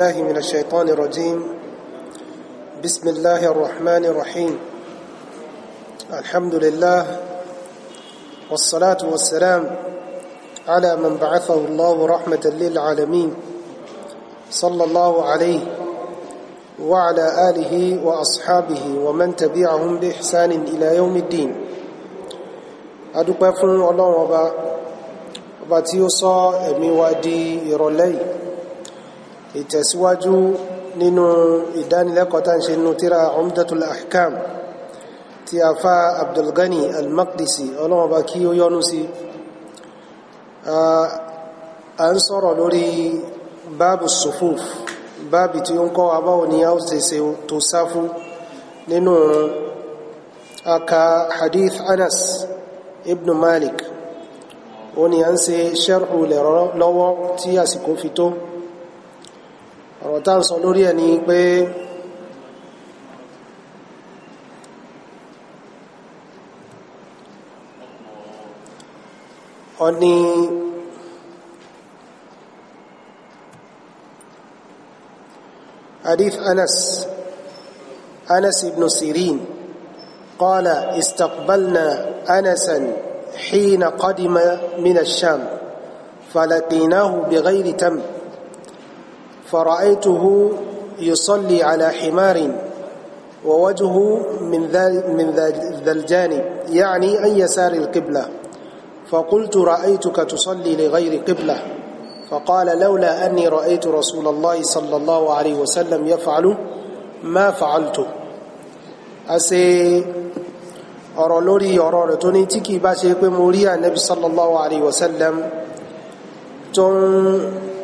الله من الشيطان الرجيم بسم الله الرحمن الرحيم الحمد لله والصلاة والسلام على من بعثه الله رحمة للعالمين صلى الله عليه وعلى آله وأصحابه ومن تبعهم بإحسان إلى يوم الدين أدوك الله وبا وبا تيوصى أمي ودي إرولي ìtẹ̀síwájú nínú ìdánilẹ́kọ̀ọ́ tá ń ṣe nínú tíra umdatul ahkam tí a fa abdulgani al-maqdisi ọlọ́mọba kí ó yọ́nú sí a ń sọ̀rọ̀ lórí báàbù sufuf báàbì tí ó ń kọ́ abáwò ní a ó ṣe ṣe tó sáfú nínú aka hadith anas ibn malik ó ní a ń ṣe sharhu lọ́wọ́ tí àsìkò fi tó ọ̀rọ̀ tá ń sọ حديث أنس أنس بن سيرين قال استقبلنا أنسا حين قدم من الشام فلقيناه بغير تمر فرأيته يصلي على حمار ووجهه من ذا من ذا الجانب يعني أن يسار القبلة فقلت رأيتك تصلي لغير قبلة فقال لولا أني رأيت رسول الله صلى الله عليه وسلم يفعل ما فعلت أسي ọ̀rọ̀ lórí ọ̀rọ̀ rẹ̀ tó النبي صلى الله عليه وسلم. pé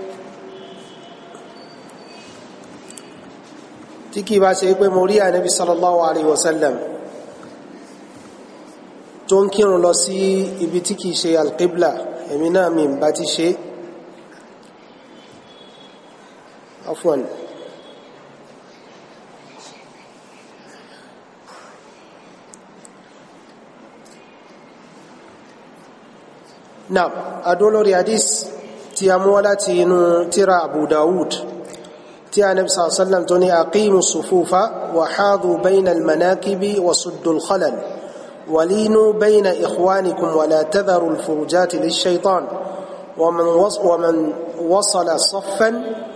tí kì í bá ṣe pé mo rí ànábi sallallahu alayhi wa sallam tó ń kírun lọ sí ibi tí kì í ṣe alqibla èmi náà mi bá ti ṣe afwan náà adó lórí hadith tí a mú wá láti inú tírà abu dawud tí a nàbí sàlám tó ní àkíyìmù sùfúfa wà háàdù bẹ́yìn almanakibi wà sùdùl khalal wàlínú bẹ́yìn ìkwánikum wà látẹ́dàrú fúrùjáti lè ṣaitan ومن وصل صفا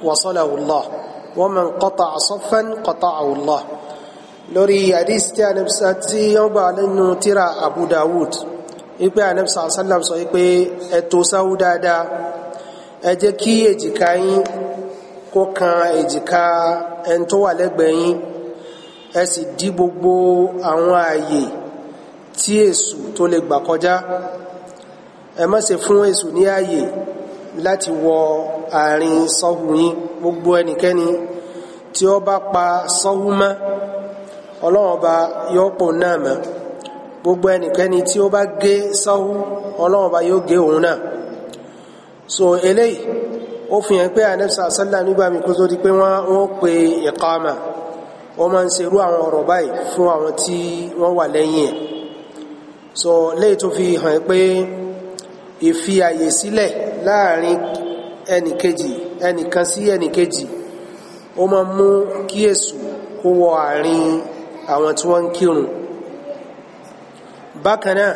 وصله الله ومن قطع صفا قطعه الله lórí àdísì tí a nẹ́bísà tí wọ́n gbà nínú tíra Abu Dawud wípé ànẹ́bísà sálàm sọ wípé ẹ̀tò sáwú dáadáa ẹ kí èjìká yín kó kan èjìká ẹni tó wà lẹ́gbẹ̀ẹ́ yín ẹ sì dí gbogbo àwọn ààyè tí èṣù tó lè gbà kọjá ẹ má ṣe fún èṣù ní ààyè láti wọ àárín sọ́hù yín gbogbo ẹnikẹ́ni tí ó bá pa sọ́hù mọ́ ọlọ́run ọba yóò pò náà mọ́ gbogbo ẹnikẹ́ni tí ó bá gé sọ́hù ọlọ́run ọba yóò gé òun náà so eléyìí ó fi hàn pé anẹ́bísà sálà nígbà mi kó tó di pé wọ́n pe ìkámà wọ́n máa ń ṣerú àwọn ọ̀rọ̀ báyìí fún àwọn tí wọ́n wà lẹ́yìn ẹ̀ so lẹ́yìn tó fi hàn pé ìfi àyè sílẹ̀ láàrin ẹnìkejì ẹnìkan sí ẹnìkejì ó máa mú kí èṣù kó wọ àárín àwọn tí wọ́n ń kírun bákan náà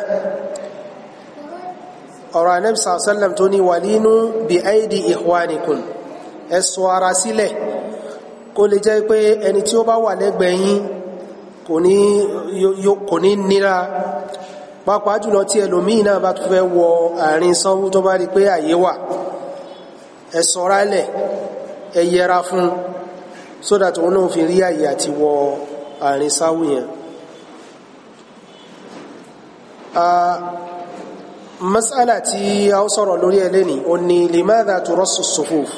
ọ̀rọ̀ anabi sàlẹm tó ní wàlínú bí aidi ìhwanikun ẹ sọ ara sílẹ̀ kó lè jẹ́ pé ẹni tí ó bá wà lẹ́gbẹ̀ẹ́ yín kò ní nira pàápàá jùlọ tí ẹlòmíì náà bá tún fẹ́ wọ àárín sanwó tó bá rí pé àyè wà ẹ ṣọ́ra lẹ̀ fún sódà tó náà fi rí àyè àti wọ àárín sanwó yẹn. Ah, masala tí a ó sọ̀rọ̀ lórí ẹ lẹ́ni o ní limadha turassu as-sufuf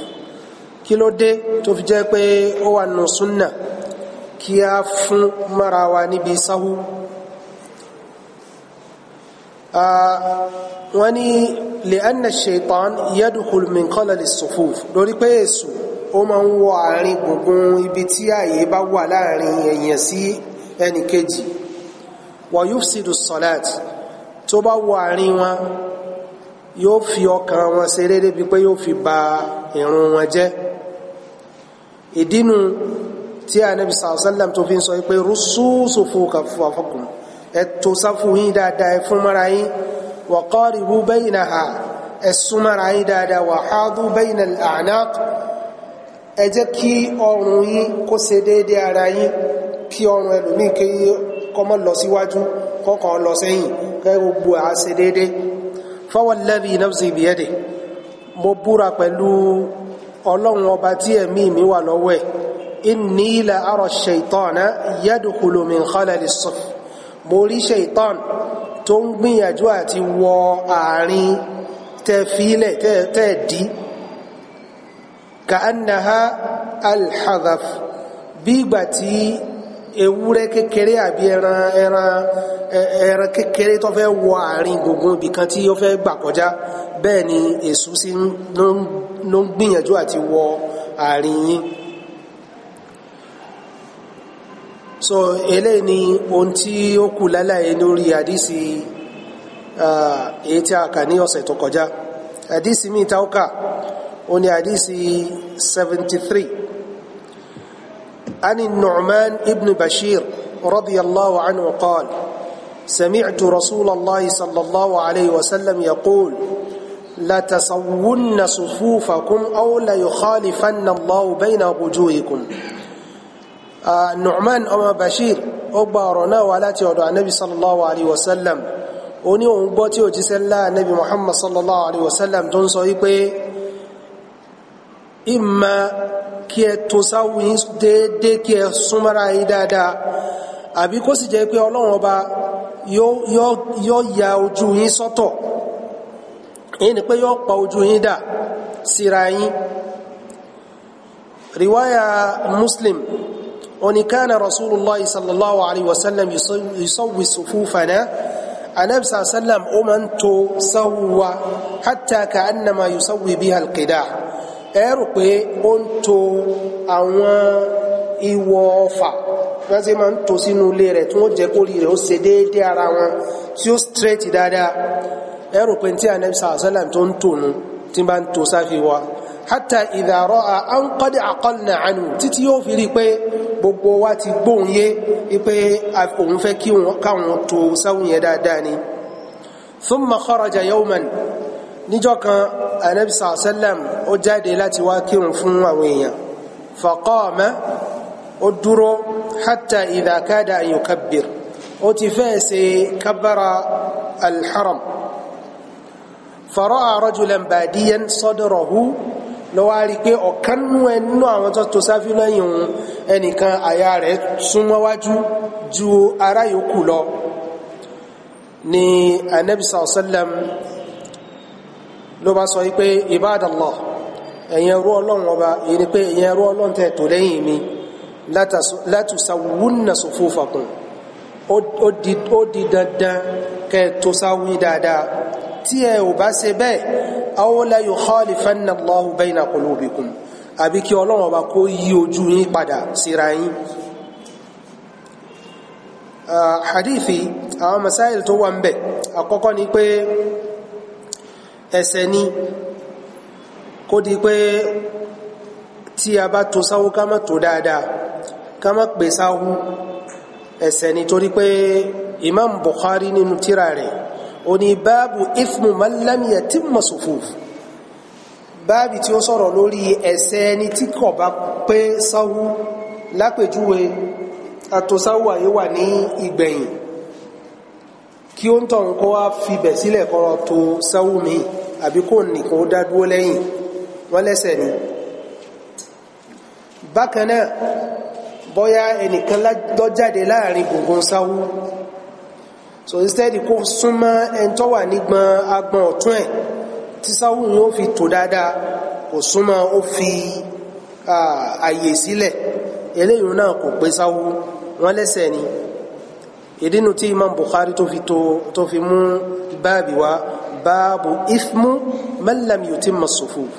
kí ló dé tó fi jẹ́ pé ó wà nù súnà kí a fún mara wa níbi sáhú wọ́n ní li'anna ash-shaytan yadkhul min qalal as-sufuf lórí pé èsù ó máa ń wọ àárín gbùngbùn ibi tí ààyè bá wà láàrin èèyàn sí ẹnìkejì wa yufsidu as-salati tó bá wọ àárín wọn yóò fi ọkàn wọn ṣeré débi pé yóò fi ba ìrun wọn jẹ́ ìdínú tí anabi sàlọ́sálàm tó fi ń sọ pé rúṣúṣù fún kàfọ́kùn ẹ tó sáfù yín dáadáa ẹ fún mara yín wa qaribu bainaha ẹ súnmọ́ra yín dáadáa wa hadu bayna al ẹ jẹ́ kí ọrùn yín kó ṣe déédéé ara yín kí ọrùn ẹlòmíì kéye kọ́mọ́ lọ síwájú kọ́kọ́ lọ sẹ́yìn kẹ́ gbogbo àṣẹ déédéé fọwọ́lẹ́bí nafsi biyẹ́dẹ̀ mo búra pẹ̀lú ọlọ́run ọba tí ẹ̀mí mi wà lọ́wọ́ ẹ̀ inni la ara ṣèitán yadukulu min ewúrẹ́ kékeré àbí ẹran ẹran ẹran kékeré tó fẹ́ wọ àárín gbogbo ibìkan tí ó fẹ́ gbà kọjá bẹ́ẹ̀ ni Èṣù sí ló ń gbìyànjú àti wọ àárín yín so eléyìí ni ohun tí ó kù láláyé lórí àdísì èyí tí a kà ní ọ̀sẹ̀ tó kọjá àdísì míì tá ó ní àdísì seventy عن النعمان ابن بشير رضي الله عنه قال سمعت رسول الله صلى الله عليه وسلم يقول لا لتصون صفوفكم أو يخالفن الله بين وجوهكم النعمان نعمان أما بشير أبارنا ولا أدعى النبي صلى الله عليه وسلم أني أمبتي وجسلا النبي محمد صلى الله عليه وسلم تنصيبه إما kí ẹ tó sáwù yín déédé kí ẹ súnmọ́ra yín dáadáa àbí kó sì jẹ́ pé ọlọ́run ọba yóò ya ojú yín sọ́tọ̀ èyí ni pé yóò pa ojú yín dà síra yín riwaya muslim oni kana rasulullah sallallahu alaihi wasallam yusawwi sufufana anabi sallam ó máa ń tò sáwù wa hatta ka annama yusawwi biha alqidaa ẹ̀rù pé ó ń to àwọn ìwọ̀ ọfà wọ́n sì máa ń to sínú ilé rẹ̀ tí wọ́n jẹ́ kó rí rẹ̀ ó ṣe déédé ara wọn tí ó straight dáadáa ẹ̀rù pé tí anabi sàlám tó ń tò nù tí bá ń to sáfi wa hátà ìdàrọ́ à ń kọ́dé àkọ́lùnà àánú títí yóò fi rí pé gbogbo wa ti gbóhùn yé pé òun fẹ́ kí káwọn to sáwùn yẹn dáadáa ni níjọ́ kan anabi sàlẹm ó jáde láti wá kírun fún àwọn èèyàn faqama ó dúró hatta idha kada an yukabbir ó ti fẹ́ ṣe kabbara alḥaram fara'a rajulan badiyan sadrahu lọ́wọ́ rí pé ọ̀kan nú ẹnú àwọn tó tó sáfí lẹ́yìn òun ẹnìkan àyà rẹ̀ súnmọ́ ju ará yòókù lọ ni anabi sallam ló bá sọ pé ibadallah ẹ̀yin ẹrú ọlọ́run ọba èyí ni pé ẹ̀yin ẹrú ọlọ́run tẹ̀ tó lẹ́yìn mi látùsàwúnà sòfófàkùn ó di dandan kẹ tó sáwí dáadáa tí ẹ ò bá ṣe bẹ́ẹ̀ awla yukhalifanna Allahu bayna qulubikum àbí kí ọlọ́run ọba kó yí ojú yín padà síra yín ah, hadithi àwọn masáìl tó wà ń bẹ̀ àkọ́kọ́ ni pé ẹsẹ̀ ni kó di pé tí a bá to sáwó ká má tó dáadáa ká má pè sáwó ẹsẹ̀ ni torí pé imam Bukhari nínú tírà rẹ̀ ó ní báàbù ifmu malamiya tí mọ̀ sùfúfù báàbì tí ó sọ̀rọ̀ lórí ẹ̀ṣẹ̀ ẹni tí kò bá pé sáwú lápèjúwe àtòsáwú àyè ní ìgbẹ̀yìn kí ó ń tọ̀ kó wá fibẹ̀ sílẹ̀ kọ́rọ̀ tó sáwù mi àbí kò nìkan ó dádúró lẹ́yìn wọ́n lẹ́sẹ̀ ni bákan náà bọ́yá ẹnìkan lọ́jáde láàrin gbùngbùn sáwù so instead kó súnmọ́ ẹni tó wà nígbọn agbọn ọ̀tún ẹ̀ tí sáwù yóò fi tò dáadáa kò súnmọ́ ó fi ààyè sílẹ̀ eléyìí náà kò pé sáwù wọ́n lẹ́sẹ̀ ni ìdínú tí imam bukhari tó fi tó tó fi mú báàbí wa báàbù ifmu man lam yutimma as-sufuf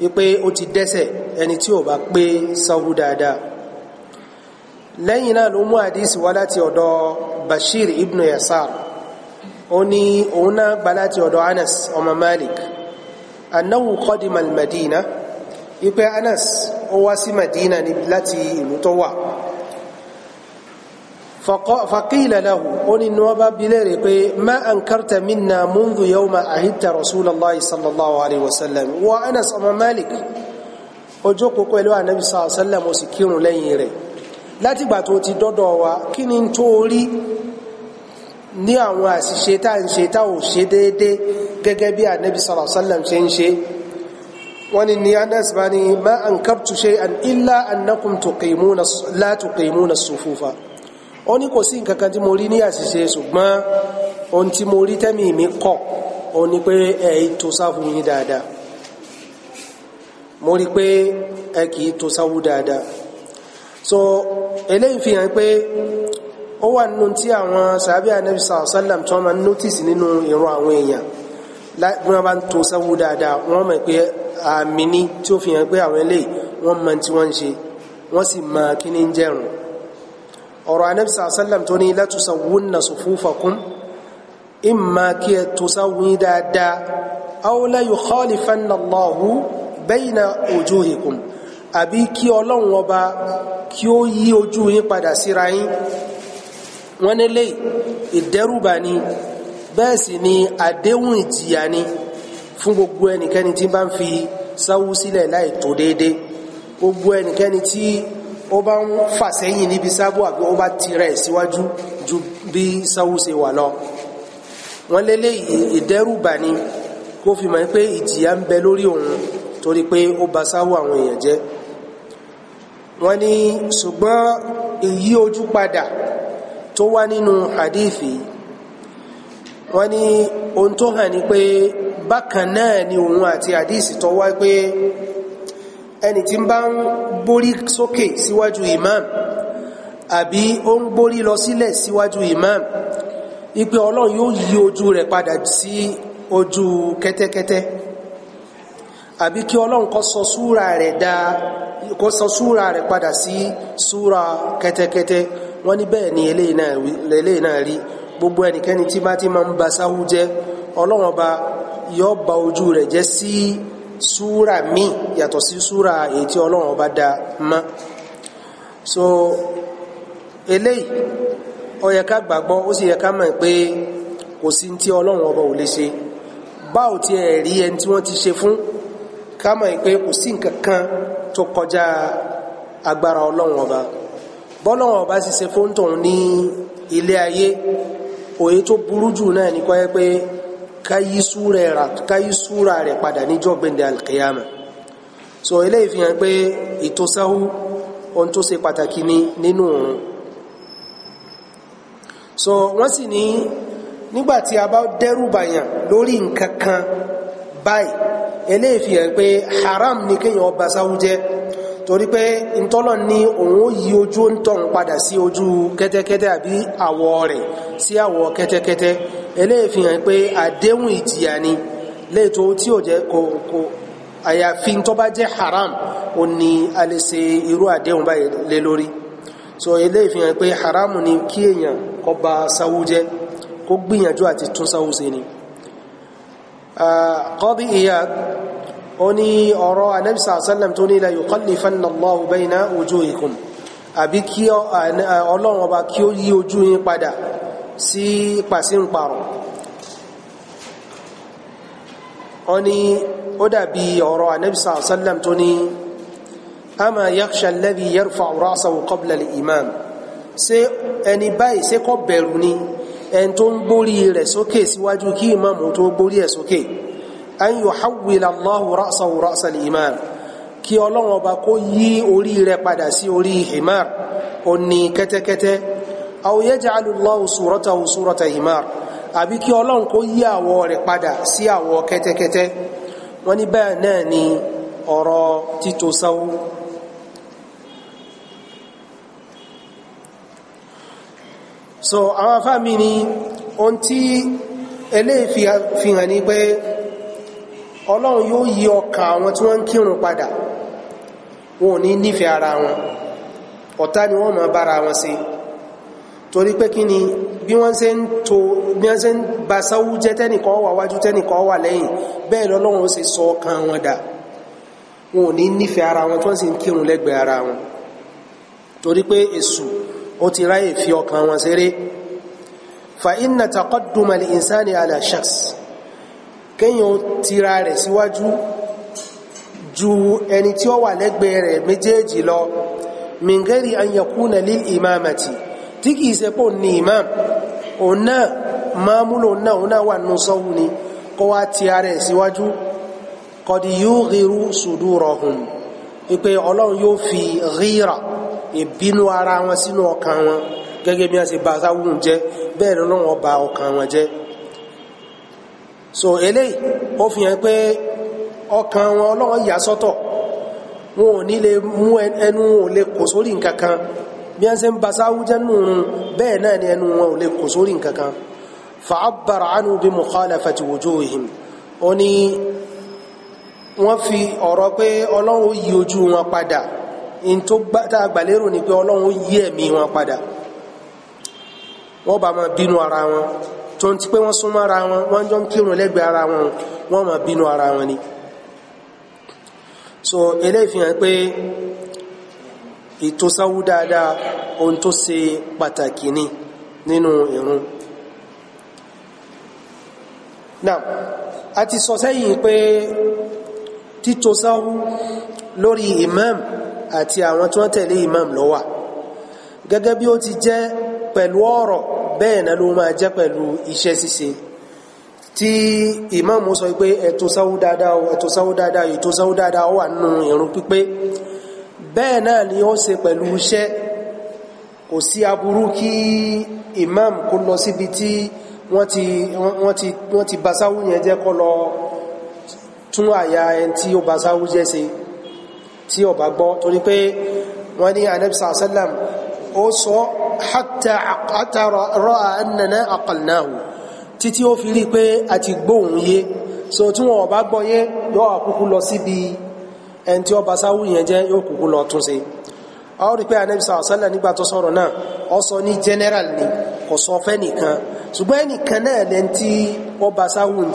wípé ó ti dẹ́ṣẹ̀ ẹni tí ò bá pé sáwú dáadáa lẹ́yìn náà ló mú àdísì wá láti ọ̀dọ̀ bashir ibn yasar ó ní òun náà gba láti ọ̀dọ̀ anas ọmọ malik annahu qadima al-madina anas ó wá sí madina láti ìlú tó wà فقيل له قل النواب بليري ما أنكرت منا منذ يوم أهدت رسول الله صلى الله عليه وسلم وأنس أم مالك أجوك قلوا النبي صلى الله عليه وسلم وسكين ليري لا تبعتوا تدودوا كن تولي ní àwọn àṣìṣe tá ń ṣe ò ṣe déédé gẹ́gẹ́ bí ànábì sallallahu ṣe ń ṣe wọ́n ni ní anas bá ní ma ankartu shay'an illa annakum tuqimuna la tuqimuna as ó ní kò sí nǹkan kan tí mo rí ní àṣìṣe ṣùgbọ́n ohun tí mo rí tẹ́mì mi kọ̀ ó ní pé ẹ tó sáfù yín dáadáa mo rí pé ẹ kì í tó sáfù dáadáa so eléyìí fi hàn pé ó wà nínú tí àwọn sàbíà nẹ́bí sàlám tí wọ́n máa nọ́tìsì nínú ìran àwọn èèyàn bí wọ́n bá ń tó sáfù dáadáa wọ́n mọ̀ pé àmì ní tí ó fi hàn pé àwọn eléyìí wọ́n mọ tí wọ́n ń ṣe wọ́n sì mọ kí ní ń jẹ́rùn ọ̀rọ̀ anabi sàlám tó ní latusawwunna sufufakum imma kí ẹ tó sáwìn dáadáa aw la yukhalifanna Allahu bayna wujuhikum àbí kí ọlọ́run ọba kí ó yí ojú yín padà síra yín wọ́n ní lè ìdẹ́rùbà ni bẹ́ẹ̀ sì ni àdéhùn ìjìyà ni fún gbogbo ẹnikẹ́ni tí bá ń fi sáwú sílẹ̀ láì tó déédéé gbogbo ẹnikẹ́ni tí ó bá ń fà níbi sábò àbí ó bá tirẹ̀ síwájú ju bí sáwù ṣe wà lọ wọ́n lélẹ̀ ìdẹ́rùbà ni kó fi mọ̀ pé ìjìyà ń bẹ lórí òun torí pé ó ba sáwù àwọn èèyàn jẹ́ wọ́n ní ṣùgbọ́n èyí ojú padà tó wá nínú hadithi wọ́n ní ohun tó hàn ní pé bákan náà ni òun àti hadithi tó wá pé ẹni tí ń bá ń gbórí sókè síwájú imam àbí ó ń gbórí lọ sílẹ̀ síwájú imam ipe ọlọ́run yóò yí ojú rẹ̀ padà sí ojú kẹ́tẹ́kẹ́tẹ́ àbí kí ọlọ́run kó sọ súra rẹ̀ dá kó sọ súra rẹ̀ padà sí súra kẹ́tẹ́kẹ́tẹ́ wọ́n ní bẹ́ẹ̀ ni eléyìí náà rí gbogbo ẹnikẹ́ni tí bá ti máa ń ba sáwú jẹ́ ọlọ́run ọba yóò ba ojú rẹ̀ jẹ́ sí súra mi yàtọ̀ sí súra èyí tí ọlọ́run bá dá mọ́ so eléyìí ó yẹ ká gbàgbọ́ ó sì yẹ ká mọ̀ pé kò sí tí ọlọ́run ọba ò lè ṣe báwo ti ẹ̀ rí ẹni tí wọ́n ti ṣe fún ká mọ̀ pé kò sí nǹkan kan tó kọjá agbára ọlọ́run ọba bọ́lọ́run ọba sì ṣe fóńtòun ní ilé ayé òye tó burú jù náà ní kọ́ yẹ pé káyí súra rẹ̀ padà níjọ́ gbẹ̀ndẹ̀ alkiyama so eléyìí fi hàn pé ìtòsáhú ohun tó ṣe pàtàkì ni nínú òun so wọ́n sì ní nígbàtí a bá dẹ́rù bàyàn lórí nǹkan kan báyìí eléyìí fi pé haram ni kéèyàn ọba sáhú jẹ́ torí pé ntọ́lọ̀ ní òun yí ojú ń tọ̀ ń padà sí ojú kẹ́tẹ́kẹ́tẹ́ àbí àwọ̀ rẹ̀ sí àwọ̀ kẹ́tẹ́kẹ́tẹ́ eléyìí fi hàn pé àdéhùn ìjìyà ni léètò tí ò jẹ́ kò àyàfi tó bá jẹ́ haram ò ní a lè ṣe irú àdéhùn báyìí lé lórí so eléyìí fi hàn pé haram ni kí èèyàn kó ba sáwú jẹ́ kó gbìyànjú àti tún sáwú ṣe ni. Ah, qadi Iyad oní ọ̀rọ̀ anẹ́bìsà sálẹ̀m tó ní la yuqallifanna Allahu bayna wujuhikum àbí kí ọlọ́run ọba kí ó yí ojú yín padà sí pàṣípàrọ̀ oní ó dàbí ọ̀rọ̀ anẹ́bìsà sálẹ̀m tó ní ama yakhsha alladhi yarfa'u ra'sahu qabla al-imam ṣé ẹni báyìí ṣé kò bẹ̀rù ni ẹni tó ń gbórí rẹ̀ sókè síwájú kí ìmáàmù tó gbórí ẹ̀ sókè. Okay an yuhawwila Allahu ra'sahu ra'sal himar kí ọlọ́run ọba kó yí orí rẹ̀ padà sí orí himar ó ní kẹ́tẹ́kẹ́tẹ́ aw yaj'alu Allahu suratahu surata himar àbí kí ọlọ́run kó yí àwọ̀ rẹ̀ padà sí àwọ̀ kẹ́tẹ́kẹ́tẹ́ wọ́n ní bẹ́ẹ̀ náà ni ọ̀rọ̀ títò sáwó so àwọn afáàmì ni ohun tí eléyìí fi hàn ní pé ọlọ́run yóò yí ọkà àwọn tí wọ́n ń kírun padà wọn ò ní nífẹ̀ẹ́ ara wọn ọ̀tá ni wọ́n máa bára wọn ṣe torí pé kí ni bí wọ́n ṣe ń to bí wọ́n ṣe ń ba sáwú jẹ́ tẹ́nìkan wà wájú tẹ́nìkan wà lẹ́yìn bẹ́ẹ̀ lọ́lọ́run ó ṣe sọ ọkàn wọn dà wọn ò ní nífẹ̀ẹ́ ara wọn tí wọ́n sì ń kírun lẹ́gbẹ̀ẹ́ ara wọn torí pé èṣù ó ti ráyè fi ọkàn wọn ṣeré fa inna taqadduma al insani kéèyàn tira rẹ̀ síwájú ju ẹni tí ó wà lẹ́gbẹ̀ẹ́ rẹ̀ méjèèjì lọ min ghairi an yakuna tí kìí ṣe ní imam òun náà máa múlò náà òun náà wà nù sọ́wọ́ ni kó wá tira rẹ̀ síwájú qad yughiru sudurahum ìpè ọlọ́run yóò fi ghira ìbínú ara wọn sínú ọkàn wọn gẹ́gẹ́ bí wọ́n ṣe bá sáwùn jẹ́ bẹ́ẹ̀ lọ́wọ́ ba ọkàn wọn jẹ́ so ele o fi hàn pé ọkàn wọn ọlọ́run ya sọ́tọ̀ wọn ò ní lè ẹnu wọn ò lè kò kan bí wọ́n ṣe ń ni ẹnu wọn ò lè kò sórí nǹkan kan bi mukhalafati wujuhihim fi wọn padà in tó gbàlérò ni pé wọn padà ma ara tó ń ti pé wọ́n súnmọ́ ara wọn wọ́n jọ ń kírun lẹ́gbẹ̀ẹ́ ara wọn wọ́n máa bínú ara wọn ni so eléyìí fi hàn pé ìtòsáwú dáadáa ohun tó ṣe pàtàkì ni nínú ìrun Now, a ti sọ sẹ́yìn pé títòsáwú lórí imam àti àwọn tí wọ́n tẹ̀lé imam ló wà gẹ́gẹ́ bí ó ti jẹ́ pẹ̀lú ọ̀rọ̀ bẹ́ẹ̀ náà ló máa jẹ́ pẹ̀lú iṣẹ́ ṣíṣe tí ìmáàmù sọ pé ẹ̀tọ́ sáwú dáadáa ẹ̀tọ́ sáwú dáadáa ẹ̀tọ́ wà nínú ìrun pípé bẹ́ẹ̀ ni ó ṣe pẹ̀lú iṣẹ́ kò sí aburú kí imam kó lọ síbi tí wọ́n ti wọ́n ti wọ́n ti basáwú yẹn jẹ́ kó lọ tún àyà ẹni tí ó basáwú jẹ́ ṣe tí ó gbọ́ torí pé wọ́n ní anabisa asalam ó sọ hatta hatta ra'a annana aqalnahu títí ó fi rí pé a ti gbóhùn yé so tí wọn bá gbọ́ yé yóò kúkú lọ síbi ẹni tí ó bá sáwù yẹn jẹ́ yóò kúkú lọ tún ṣe a ó rí pé anabi sàlọ sálà nígbà tó sọ̀rọ̀ náà ó sọ ní general ni kò sọ fẹ́ nìkan ṣùgbọ́n ẹnìkan náà lẹ́ni tí ó bá sáwù ń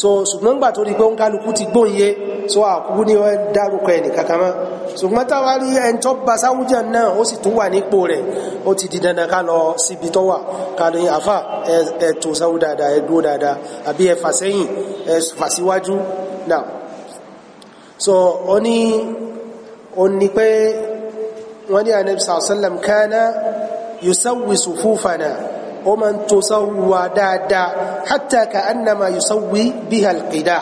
so ṣùgbọ́n gbà tó rí pé ń kálukú ti gbóyè so àkúkú ní dárúkọ ẹnì kankan ṣùgbọ́n táwa rí ẹni tó ba sáwùjọ náà ó sì tún wà nípò rẹ̀ ó ti di dandan ká lọ síbi tó wà ká lóyún àfà ẹ tó sáwù dáadáa ẹ dúró dáadáa àbí ẹ fà sẹ́yìn ẹ síwájú náà so ó ní ó ní pé wọ́n ní anabi sallam kana yusawwi sufufana ó máa ń to sáwùwà dáadáa hatta ka annama yusawwi biha alqida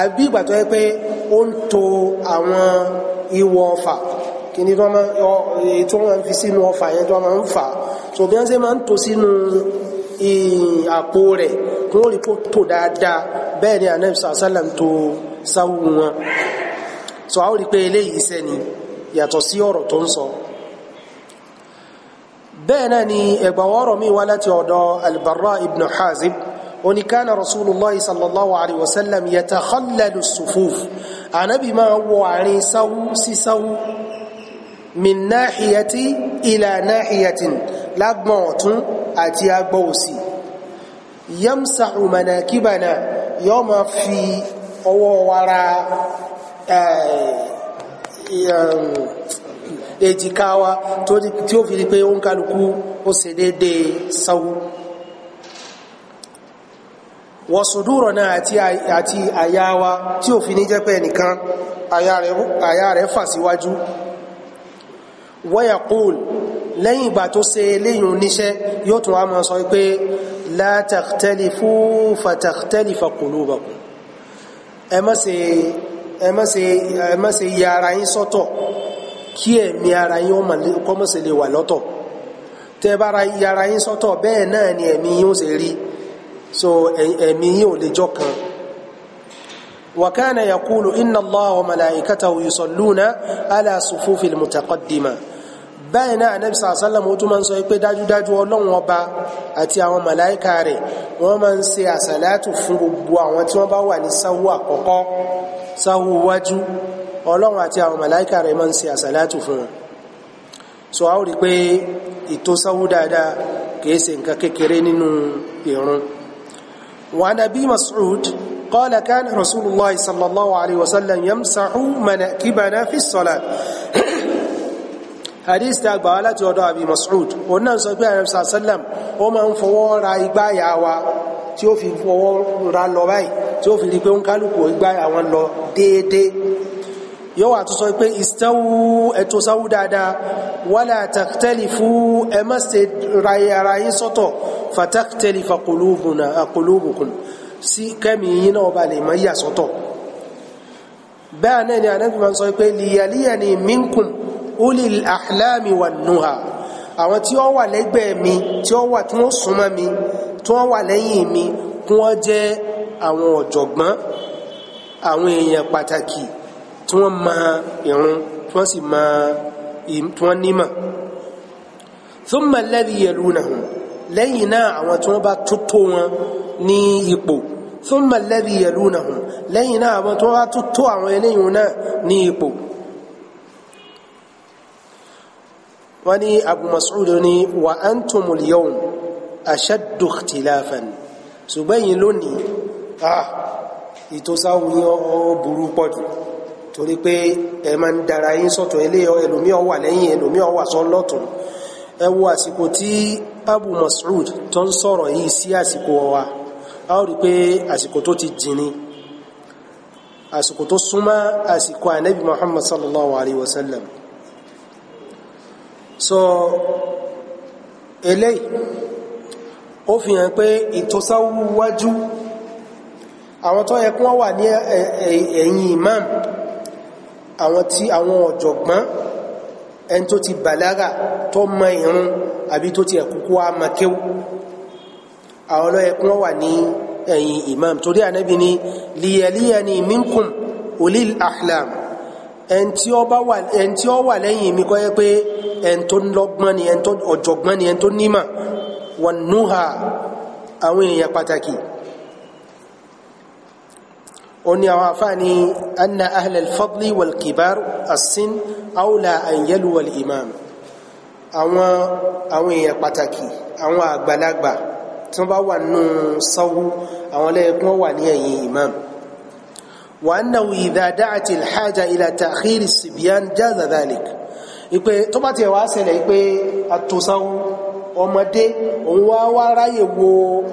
àbí ìgbà tó yẹ pé ó ń to àwọn ìwọ̀ ọ̀fà kìíní tó máa tó máa ń fi sínú ọ̀fà yẹn tó máa ń fà so bí wọ́n ṣe máa ń to sínú àpò rẹ̀ kí wọ́n rí kó tó dáadáa bẹ́ẹ̀ ni anabi sàlám tó sáwù wọn so àwọn rí pé eléyìí iṣẹ́ yàtọ̀ sí ọ̀rọ̀ tó ń sọ bẹ́ẹ̀ náà ni ẹgbàwọ́rọ̀ mi wá láti ọ̀dọ̀ albarra ibn hazib oni kana rasulullah sallallahu alaihi wasallam yatakhallalu sufuf anabi ma wọ àárín sáwú sí sáwú min nahiyati ila nahiyatin lágbọ̀n ọ̀tún àti agbọ̀ òsì yamsahu manakibana yọ ma fi ọwọ́ wara eh, eh, èjìká wa tí ó fi di pé ó ń kálukú ó ṣe déédéé sáwó wọ̀sùdúrọ̀ náà àti àyà wa tí ò fi ní jẹ́ pé ẹnìkan àyà rẹ̀ fà síwájú wọ́yà kúl lẹ́yìn ìgbà tó ṣe léyìn oníṣẹ́ yóò tún wá máa sọ pé la sọ́tọ̀ kí ẹ̀mí ara yín ó kọ́mọ̀sẹ̀ lè wà lọ́tọ̀ tẹ́ bá ara yín sọ́tọ̀ bẹ́ẹ̀ náà ni ẹ̀mí yín ó ṣe rí so ẹ̀mí yín ò lè jọ kan وكان يقول إن الله وملائكته يصلون على صفوف المتقدمة bẹ́ẹ̀ náà anabi sallallahu alaihi wasallam máa ń sọ pé dájúdájú ọlọ́run ọba àti àwọn màláìka rẹ̀ wọ́n máa ń ṣe àsàlátù fún gbogbo àwọn tí wọ́n bá wà ní sáwù àkọ́kọ́ sáwù wájú ọlọ́run àti àwọn màláìkà rẹ̀ máa ń ṣe àsàlátù fún wọn so a ó rí pé ìtòsáwú dáadáa kìí ṣe nǹkan kékeré nínú ìrun وعن أبي مسعود قال كان رسول الله صلى الله عليه وسلم يمسح مناكبنا في الصلاة hadith ta gbà wá láti ọ̀dọ̀ àbí Mas'ud òun náà sọ pé àrẹ sàásẹ́lẹ̀m ó máa ń fọwọ́ ra igbáyà wa tí ó fi fọwọ́ ra lọ báyìí tí ó fi rí pé ń kálùkù igbáyà wọn lọ déédéé yóò wà tó sọ pé istawu ẹ̀tọ́ sáwú dáadáa wala taktalifu ẹ má ṣe rayara yín sọ́tọ̀ fataktalifa qulubuna qulubukum sí kẹ́mi yín náà ba lè má yà sọ́tọ̀ bẹ́ẹ̀ náà ni anábì máa ń sọ pé tí wọ́n ma ìrun tí wọ́n sì ma tí wọ́n nímọ̀ thumma alladhi yalunahum lẹ́yìn náà àwọn tí wọ́n bá tótó wọn ní ipò thumma alladhi yalunahum lẹ́yìn náà àwọn tí wọ́n bá tótó àwọn eléyìn náà ní ipò wọ́n ní Abu Mas'ud ní wa antumul yawm ashaddu ikhtilafan ṣùgbẹ́yìn lónìí ah ìtòsáwò yẹn ó burú pọ̀jù torí pé ẹ máa ń dara yín sọ́tọ̀ ilé ẹlòmíọ̀ wà lẹ́yìn ẹlòmíọ̀ wà sọ́ lọ́tún ẹ wo àsìkò tí Abu Mas'ud tó ń sọ̀rọ̀ yìí sí àsìkò wa a ó rí pé àsìkò tó ti jìnnì àsìkò tó súnmọ́ àsìkò ànábì Muhammad sallallahu alayhi wa sallam so eléyìí ó fi hàn pé ìtòsáwájú àwọn tó yẹ kí wọ́n wà ní ẹ̀yìn imam àwọn tí àwọn ọ̀jọ̀gbọ́n ẹni tó ti bàlágà tó mọ ìrun àbí tó ti ẹ̀kúkú á mọ àwọn ọlọ́ẹ̀kún wà ní ẹ̀yìn imam torí ànábì ni liyaliyani minkum ulil ahlam ẹni tí ó wà lẹ́yìn mi kọ́ yẹ pé ẹni tó lọ́gbọ́n ni ẹni tó ọ̀jọ̀gbọ́n ni ẹni tó nímọ̀ wan nuha àwọn èèyàn pàtàkì oni àwọn afaani anna ahl alfadli walkibar asin awla an yalu walimam àwọn àwọn èèyàn pàtàkì àwọn àgbàlagbà tí wọn bá wà nù sáwú àwọn lẹ́yìn wà ní ẹ̀yìn imam wa annahu idha da'at alhaja ila ta'khir as-sibyan jaza dhalik ipe tó bá tiẹ̀ wá ṣẹlẹ̀ ipe àtòsáwú ọmọdé òun wá wá ráyè wo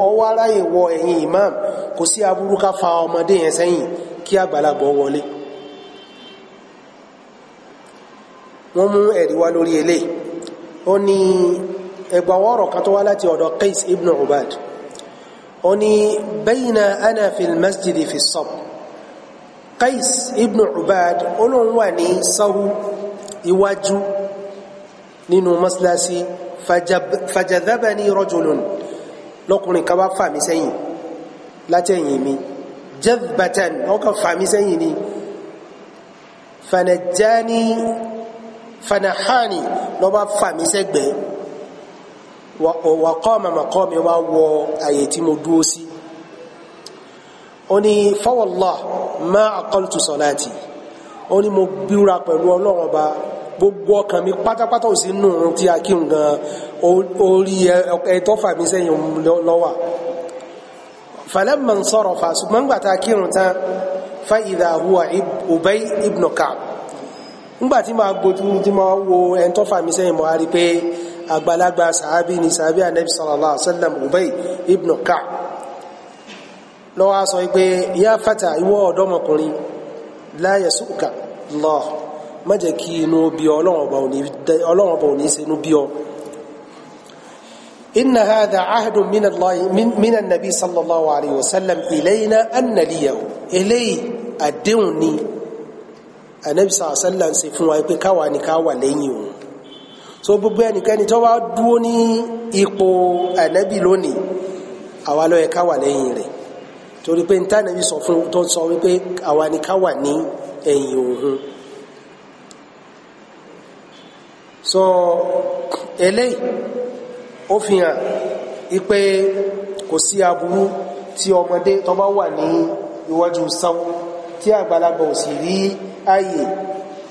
ọwá ráyè wọ ẹ̀yìn imam kò sí aburú ká fa ọmọdé yẹn sẹ́yìn kí àgbàlagbà wọlé wọ́n mú ẹ̀rí wá lórí eléyìí ó ní ẹgbàwọ́rọ̀ kan tó wá láti ọ̀dọ̀ Qais ibn Ubad ó ní bayna ana fil masjid fi sab Qais ibn Ubad olóhùn wà ní sahu iwájú nínú mọ́sálásí fajadhabani rajulun lọ́kùnrin kan bá fà mí sẹ́yìn látẹ̀yìn mi jadbatan ọkàn fà mí sẹ́yìn ni fanajani fanahani lọ́ba fà mí sẹ́gbẹ̀ẹ́ wa qama maqami wa wọ àyè tí mo dúró sí ó ní ma aqaltu salati ó mo búra pẹ̀lú ọlọ́run ọba gbogbo ọkàn mi pátápátá ò sí nù tí a kí n gan orí ẹtọ́ fàmí sẹ́yìn lọ́wà falamma sarafa ṣùgbọ́n gbà tá a kírun tán fa idha huwa Ubay ibn Ka'b ngbà tí máa gbójú tí máa wo ẹtọ́ fàmí sẹ́yìn mọ́ a rí pé àgbàlagbà sàábì ni sàábì anabi sallallahu alaihi wasallam Ubay lọ́wọ́ a sọ pé ya fata ìwọ ọ̀dọ́mọkùnrin la yasuka Allah má jẹ́ kí inú bí ọ ọlọ́run ọba ò ní ṣe inú bí ọ inna hadha ahdun min annabi sallallahu alayhi wa sallam ilayna annaliyahu eléyìí àdéhùn ni anabi sallallahu alayhi wa sallam ṣe fún wa pé káwa ni ká wà lẹ́yìn òun so gbogbo ẹnikẹ́ni tó wá dúró ní ipò anabi lónìí àwa ló yẹ lẹ́yìn rẹ̀ torí pé ntànàbí sọ fún tó sọ wípé àwa ni ká ní ẹ̀yìn òun so eléyìí ó fi hàn ipe kò sí aburú tí ọmọdé tó bá wà ní iwájú sáwọ́ tí àgbàlagbà ò sì rí ààyè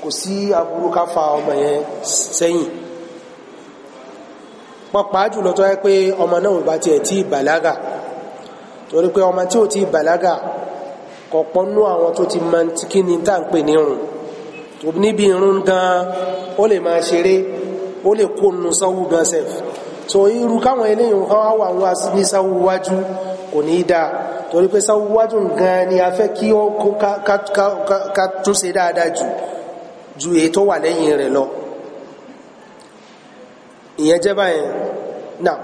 kò sí aburú ká fa ọmọ yẹn sẹ́yìn pàápàá jùlọ tó yẹ pé ọmọ náà ò bá tiẹ̀ tí bàlágà torí pé ọmọ tí ò tí bàlágà kọ̀pọ̀ àwọn tó ti mọ kí ni tá à ń pè ní rùn níbi irun gan ó lè máa ṣeré ó lè kó nu sáwù gan sef so irú káwọn eléyìí kan wá wà wá ní sáwù wájú kò ní í dáa torí pé sáwù wájú gan ni a fẹ́ kí ó ká túnṣe dáadáa jù ju èyí tó wà lẹ́yìn rẹ̀ lọ ìyẹn jẹ́ báyẹn náà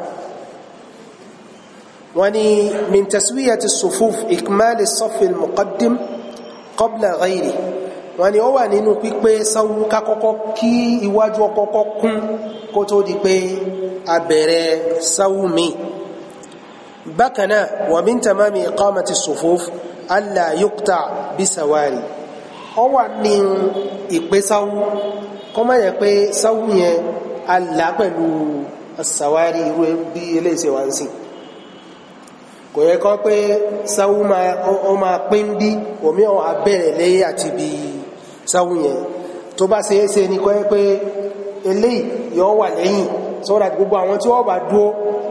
wọ́n ní min taswiyati sufuf ikmali safi muqaddim qabla ghayri. wọ́n ní ó wà nínú pípé sáwú kákọ́kọ́ kí iwájú ọkọ́kọ́ kún kó di pé a bẹ̀rẹ̀ mi bakana wa min tamami iqamati sufuf alla yuqta bisawari ó wà ní ìpé sáwú kọ́ má yẹ pé sáwú yẹn àlà pẹ̀lú sàwárí irú bí bi wá ń sìn kò yẹ kọ́ pé sáwú ó máa pín bí òmíràn abẹ́rẹ̀ lẹ́yìn àti bíi sáwù yẹn tó bá ṣe é ṣe ni kọ́ pé eléyìí yọ wà lẹ́yìn sọ́dà gbogbo àwọn tí wọ́n bá dúó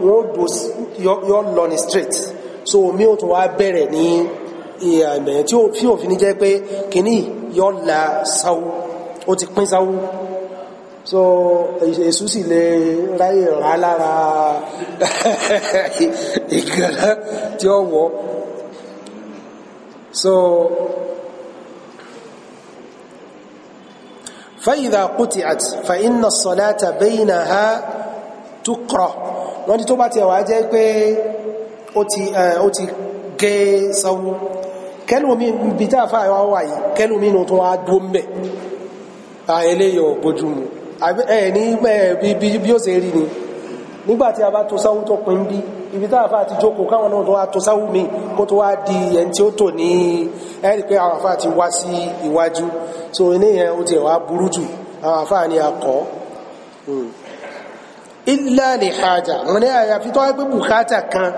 wọ́n dúó yọ lọ ní straight so omi ò tún wá bẹ̀rẹ̀ ní ìhà ìbẹ̀rẹ̀ tí òfin ní jẹ́ pé kìíní yọ la sáwù ó ti pín sáwù so èsù sì lè ráyè rà lára ìgbàlá tí ó wọ̀ so فإذا قطعت فإن الصلاة بينها تقرأ wọ́n ní tó bá ti wà jẹ́ pé ó ti gé sanwó kẹlùmí bí tá àfáà wá wà yìí kẹlùmí nù tó wá dó mẹ́ eléyọ̀ bójúmu ẹ̀ ní bí ó ṣe ni nígbàtí a bá tó sanwó tó pín bí ibi tá àfa àti jókòó káwọn náà tó wá tó sáwù mi kó tó wá di ẹni tí ó tò ní ẹni pé àwọn àfa àti wá sí iwájú so eléyẹn ó tiẹ̀ wá burú jù àwọn àfa ni akọ. Hmm. illa li haja wọn ní àyàfi tó wá pé bùkátà kan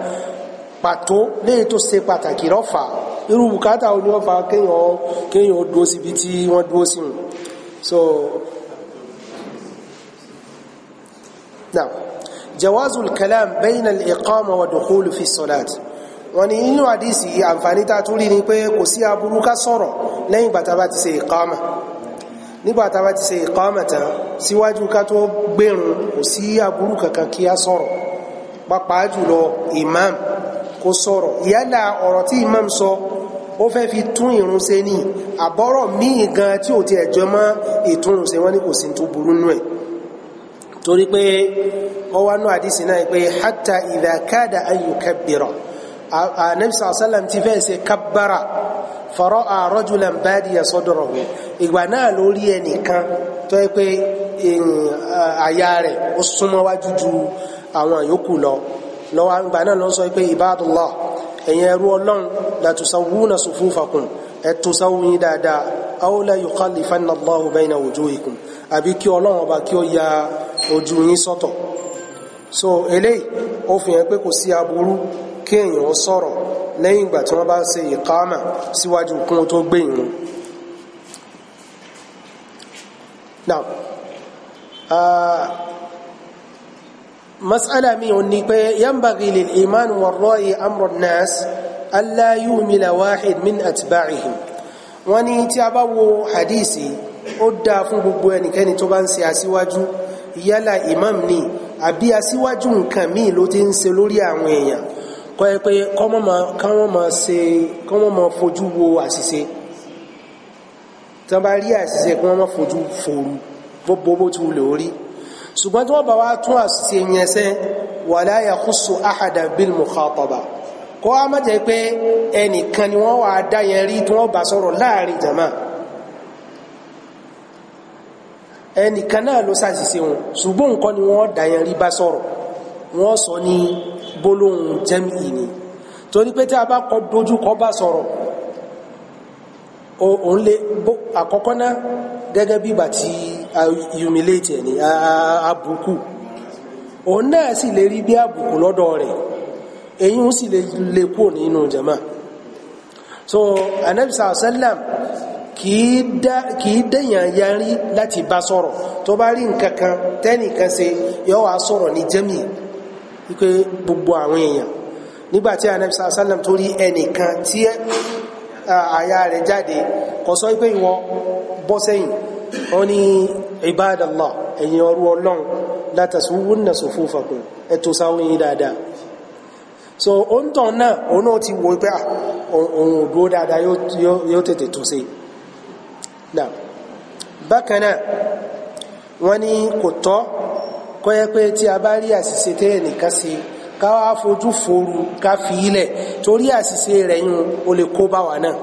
pàtó léyìí tó ṣe pàtàkì lọ́fà irú bùkátà ó ní ọ̀fà kéèyàn kéèyàn dúró síbi tí wọ́n dúró sí wọn so now jawazu kalam bayna al-iqama wa dukhul fi salat wọ́n ní inú àdísì àǹfààní tá a tún rí ni pé kò sí aburú ká sọ̀rọ̀ lẹ́yìn ìgbà tá a bá ti ṣe ìkọ́mà nígbà tá a bá ti ṣe ìkọ́mà tán síwájú ká tó gbẹ̀rùn kò sí aburú kankan kí a sọ̀rọ̀ pàápàá jùlọ imam kò sọ̀rọ̀ yálà ọ̀rọ̀ tí imam sọ ó fẹ́ fi tún ìrun ṣe ni àbọ̀rọ̀ míì gan tí ò tiẹ̀ jọ mọ́ ìtúnrun ṣe wọ́n ní kò sí tó burú nú torí pé ó wá nú àdìsí náà pé hatta idha kada an yukabbira anabi sallam ti fẹ́ ṣe kábàrà fara'a rajulan badiya sadrahu ìgbà náà lórí ẹnìkan tó yẹ pé àyà rẹ̀ ó súnmọ́ wájú ju àwọn yòókù lọ lọ́wọ́ àgbà náà ló sọ pé ibadullah ẹ̀yin ẹrú ọlọ́run latusawwuna sufufakum ẹ̀ tó sáwú yín dáadáa aw la yukhallifanna Allahu bayna wujuhikum àbí kí ọlọ́run ọba kí ó ya ojú yín sọ́tọ̀ so eléyìí ó fi hàn pé kò sí aburú kí èèyàn sọ̀rọ̀ lẹ́yìn ìgbà tí wọ́n bá ṣe ìkáàmà síwájú kún tó gbé ìrun now uh, mas'ala mi ò ní pé yanbaghi lil iman warra'i amru an-nas alla yu'mila wahid min atba'ihim wọ́n ní tí a bá wo hadisi yìí ó dáa fún gbogbo ẹnikẹ́ni tó bá ń ṣe aṣíwájú yálà imam ni àbí aṣíwájú nǹkan míì ló ti ń ṣe lórí àwọn èèyàn kọ́ ẹ pé kọ́mọ́ máa ṣe kọ́mọ́ máa fojú wo àṣìṣe tí wọ́n bá rí àṣìṣe kí wọ́n máa fojú fòrú gbogbo bó ti wulẹ̀ orí ṣùgbọ́n tí wọ́n bá wá tún àṣìṣe yẹn ṣe wala yakhussu ahada bil mukhataba kọ́ á má jẹ́ pé ẹnìkan ni wọ́n wà á dá yẹn rí tí wọ́n bá sọ̀rọ̀ láàrin jàmáà ẹnìkan náà ló ṣàṣìṣe wọn ṣùgbọ́n nǹkan ni wọ́n dàyàn rí bá sọ̀rọ̀ wọ́n sọ ní gbólóhùn jẹ́mìí ni torí pé tí a bá kọ dojú kọ bá sọ̀rọ̀ òun lè àkọ́kọ́ náà gẹ́gẹ́ bí ìgbà tí a humiliate ẹ̀ ní àbùkù òun náà sì lè rí bí àbùkù lọ́dọ̀ rẹ̀ èyí ń sì lè kúrò nínú jàmáà so anabi sallam kìí dẹ̀yàn yarí láti bá sọ̀rọ̀ tó bá rí nǹkan kan tẹ́nìkan ṣe yọ wá sọ̀rọ̀ ní jẹ́mì wípé gbogbo àwọn èèyàn nígbàtí anẹ́bísà sálàm tó rí ẹnìkan tí àyà rẹ̀ jáde kò sọ wípé ìwọ bọ́ sẹ́yìn ó ní ibadallah ẹ̀yin ọrú ọlọ́run so oúntàn náà òun náà ti wo pé ah, òun ò dúró dáadáa yóò tètè tún ṣe náà bákan náà wọ́n ní kò tọ́ kó pé tí a bá rí àṣìṣe tẹ́yẹ̀ nìkan sí ká wá fojú fooru ká fi ilẹ̀ torí àṣìṣe rẹ̀ yún o lè kó bá wa náà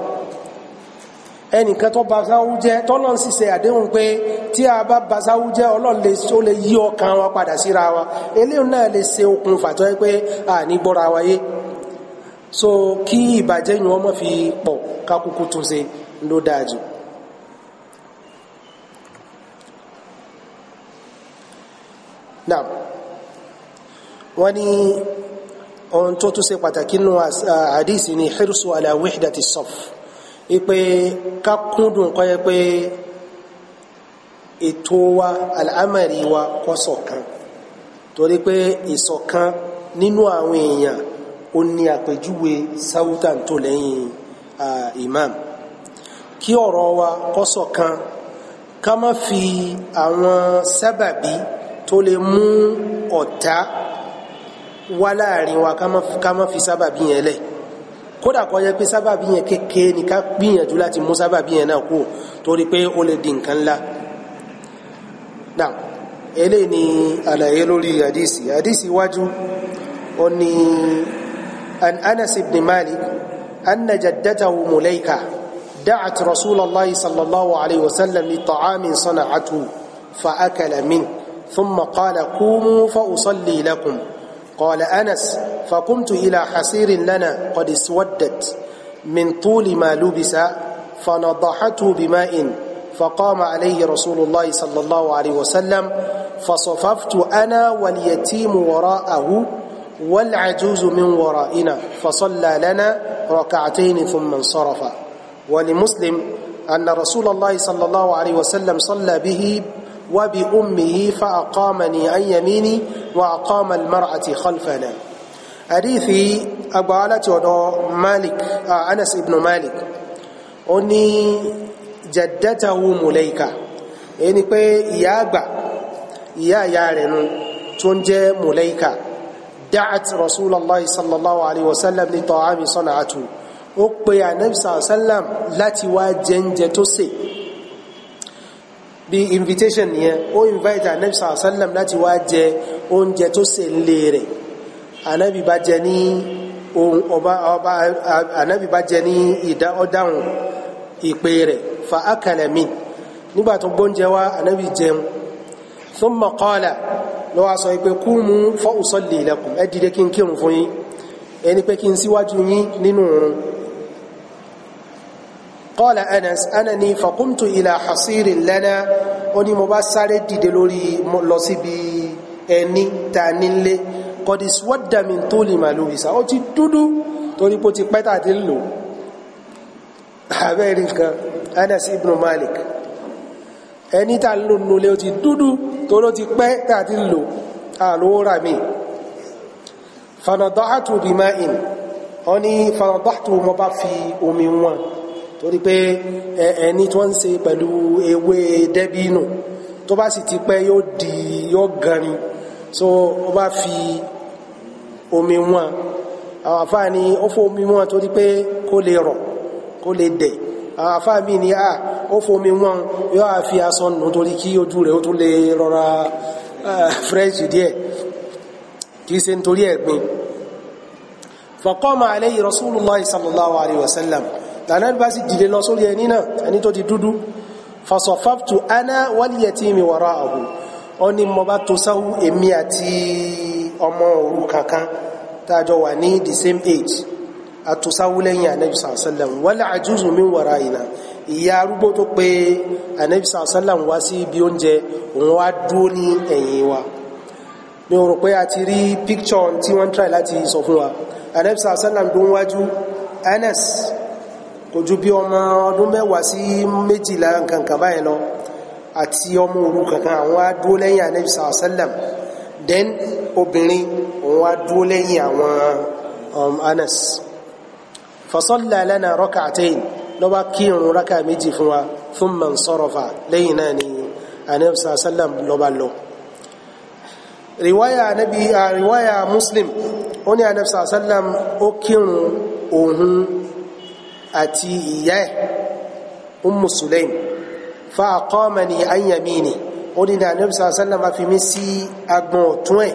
ẹnìkan tó basawu jẹ́ tọ́lọ́n sì ṣe àdéhùn pé tí a bá basawu jẹ́ ọlọ́run ó lè yí ọkàn wa padà síra wa eléyìí náà lè ṣe okùnfà tó yẹ pé a ní gbọ́ra wa yé so kí ìbàjẹ́ yìí wọ́n mọ̀ fi pọ̀ ká kúkú tún ṣe ló dáa jù. náà wọ́n ní ohun tó tún ṣe pàtàkì nínú àdìsí ni hirsu ala wihdati saf ipe ká kúndùn kọ́ yẹ pé ètò wa al'amari wa kó ṣọ̀kan torí pé ìṣọ̀kan nínú àwọn èèyàn ó ní àpèjúwe sáwútàn tó lẹ́yìn imam kí ọ̀rọ̀ wa kó ká má fi àwọn sábàbí tó lè mú ọ̀tá wá láàrin wa ká má fi sábàbí yẹn lẹ̀ kódà kó jẹ́ pé sábàbí yẹn kékeré ni ká gbìyànjú láti mú sábàbí yẹn náà kú torí pé ó lè di nǹkan ńlá náà eléyìí ni àlàyé lórí àdìsí àdìsí iwájú ó ní an anas ibn malik anna jaddatahu mulaika da'at rasulallah sallallahu alayhi wa sallam li ta'amin sana'atu fa akala minhu ثم قال قوموا فأصلي لكم قال أنس فقمت إلى حسير لنا قد اسودت من طول ما لبس فنضحته بماء فقام عليه رسول الله صلى الله عليه وسلم فصففت أنا واليتيم وراءه والعجوز من ورائنا فصلى لنا ركعتين ثم انصرف ولمسلم أن رسول الله صلى الله عليه وسلم صلى به وبأمه فأقامني عن يميني وأقام المرأة خلفنا حديثي أبالة ودو مالك آه أنس بن مالك أني جدته مليكة يعني كي يابع يا يارن تنجى مليكة دعت رسول الله صلى الله عليه وسلم لطعام صنعته أقبي النبي صلى الله عليه وسلم لا تواجن جتسي bí invitation nìyẹn ó invite anabi sàlá sàlám láti wá jẹ oúnjẹ tó sè ń lé rẹ̀ anabi bá jẹ ní ohun ọba ọba anabi bá jẹ ní ìdá ọdáhùn ìpè rẹ̀ fa akala min nígbà tó gbóúnjẹ wá anabi jẹun thumma qala lọ́wọ́ sọ pé kumu fa usalli lakum ẹ dìde kí n kírun fún yín ẹni pé kí n síwájú yín nínú òun قال أنس أنني فقمت إلى حصير لنا أني مباسر دلوري لوسي بي أني تانيلي قد اسود من طول ما لبس أو تي دودو torí pé ó ti pẹ́ tà ti ń lò àbẹ́ rí nǹkan Anas ibn Malik ẹni tà ń lò nulẹ̀ ó ti dúdú torí ó ti pẹ́ tà ti ń lò àlówó rà mí fanadọ́hàtù bímáìn ní fanadọ́hàtù mo bá fi omi wọn torí pé ẹni tí wọ́n ń ṣe pẹ̀lú ewé dẹ́bínù tó bá sì ti pẹ́ yóò di yóò ganin so ó bá fi omi wọn àwọn ni ó fún omi wọn torí pé kó lè rọ̀ kó lè dẹ̀ àwọn mi ni a ó fún omi wọn yóò á fi aṣọ nù torí kí ojú rẹ̀ ó tún lè rọra fírẹ́jì díẹ̀ kì í ṣe nítorí ẹ̀gbin faqama alayhi rasulullahi sallallahu alayhi wa tànàbí bá sì dìde lọ sórí ẹni náà ẹni tó ti dúdú fasọ̀fàftù aná wal-yatimi wara'ahu ó ní mo bá tó sáwú èmi àti ọmọ òrukàn kan tájọ wà ní the same age àtúnsáwú lẹ́yìn ànábì sàásálàm wal-ajuzu min wara'ina ìyá arúgbó tó pé ànábì sàásálàm wá sí ibi oúnjẹ òun wá dúó ní ẹ̀yìn wa mi rò pé a ti rí picture tí wọ́n try láti sọ fún wa ànábì tó ń wájú Anas kò ju bí ọmọ ọdún mẹ́wàá sí méjìlá nǹkankan báyìí lọ àti ọmọ òrukàn kan àwọn á lẹ́yìn anabi sallallahu alaihi then obìnrin òun á dúró lẹ́yìn àwọn um, anas fasalla lana rak'atayn ló bá kírun rákà méjì fún wa thumma nsarafa lẹ́yìn náà ni anabi sallallahu alaihi wasallam ló lọ riwaya anabi riwaya muslim ó anabi sallallahu alaihi wasallam ó kírun òun àti ìyá ẹ̀ Ummu Sulaim fa aqamani an yamini ó ní Ànábì sallallahu fi mí sí agbọ̀n ọ̀tún ẹ̀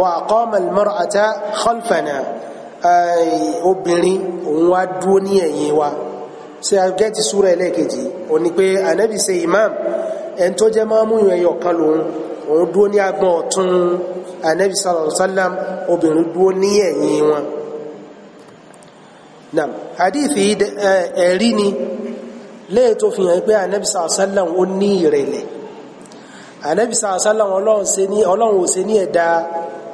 wa aqama al-mar'ata khalfana obìnrin òun wá dúó ní ẹ̀yìn wa ṣe àgẹ́tì súra ẹlẹ́ẹ̀kejì ó ní pé Ànábì ṣe imam ẹni tó jẹ́ máa mú ẹyọ kan lòun òun dúó ní agbọ̀n ọ̀tún Ànábì sallallahu obìnrin dúó ní ẹ̀yìn wọn nam hadithi eh, ẹ̀rí ni léè tó fi hàn pé anabi sàásálàm ó ní ìrẹ̀lẹ̀ anabi sàásálàm ọlọ́run ò ṣe ní ẹ̀dá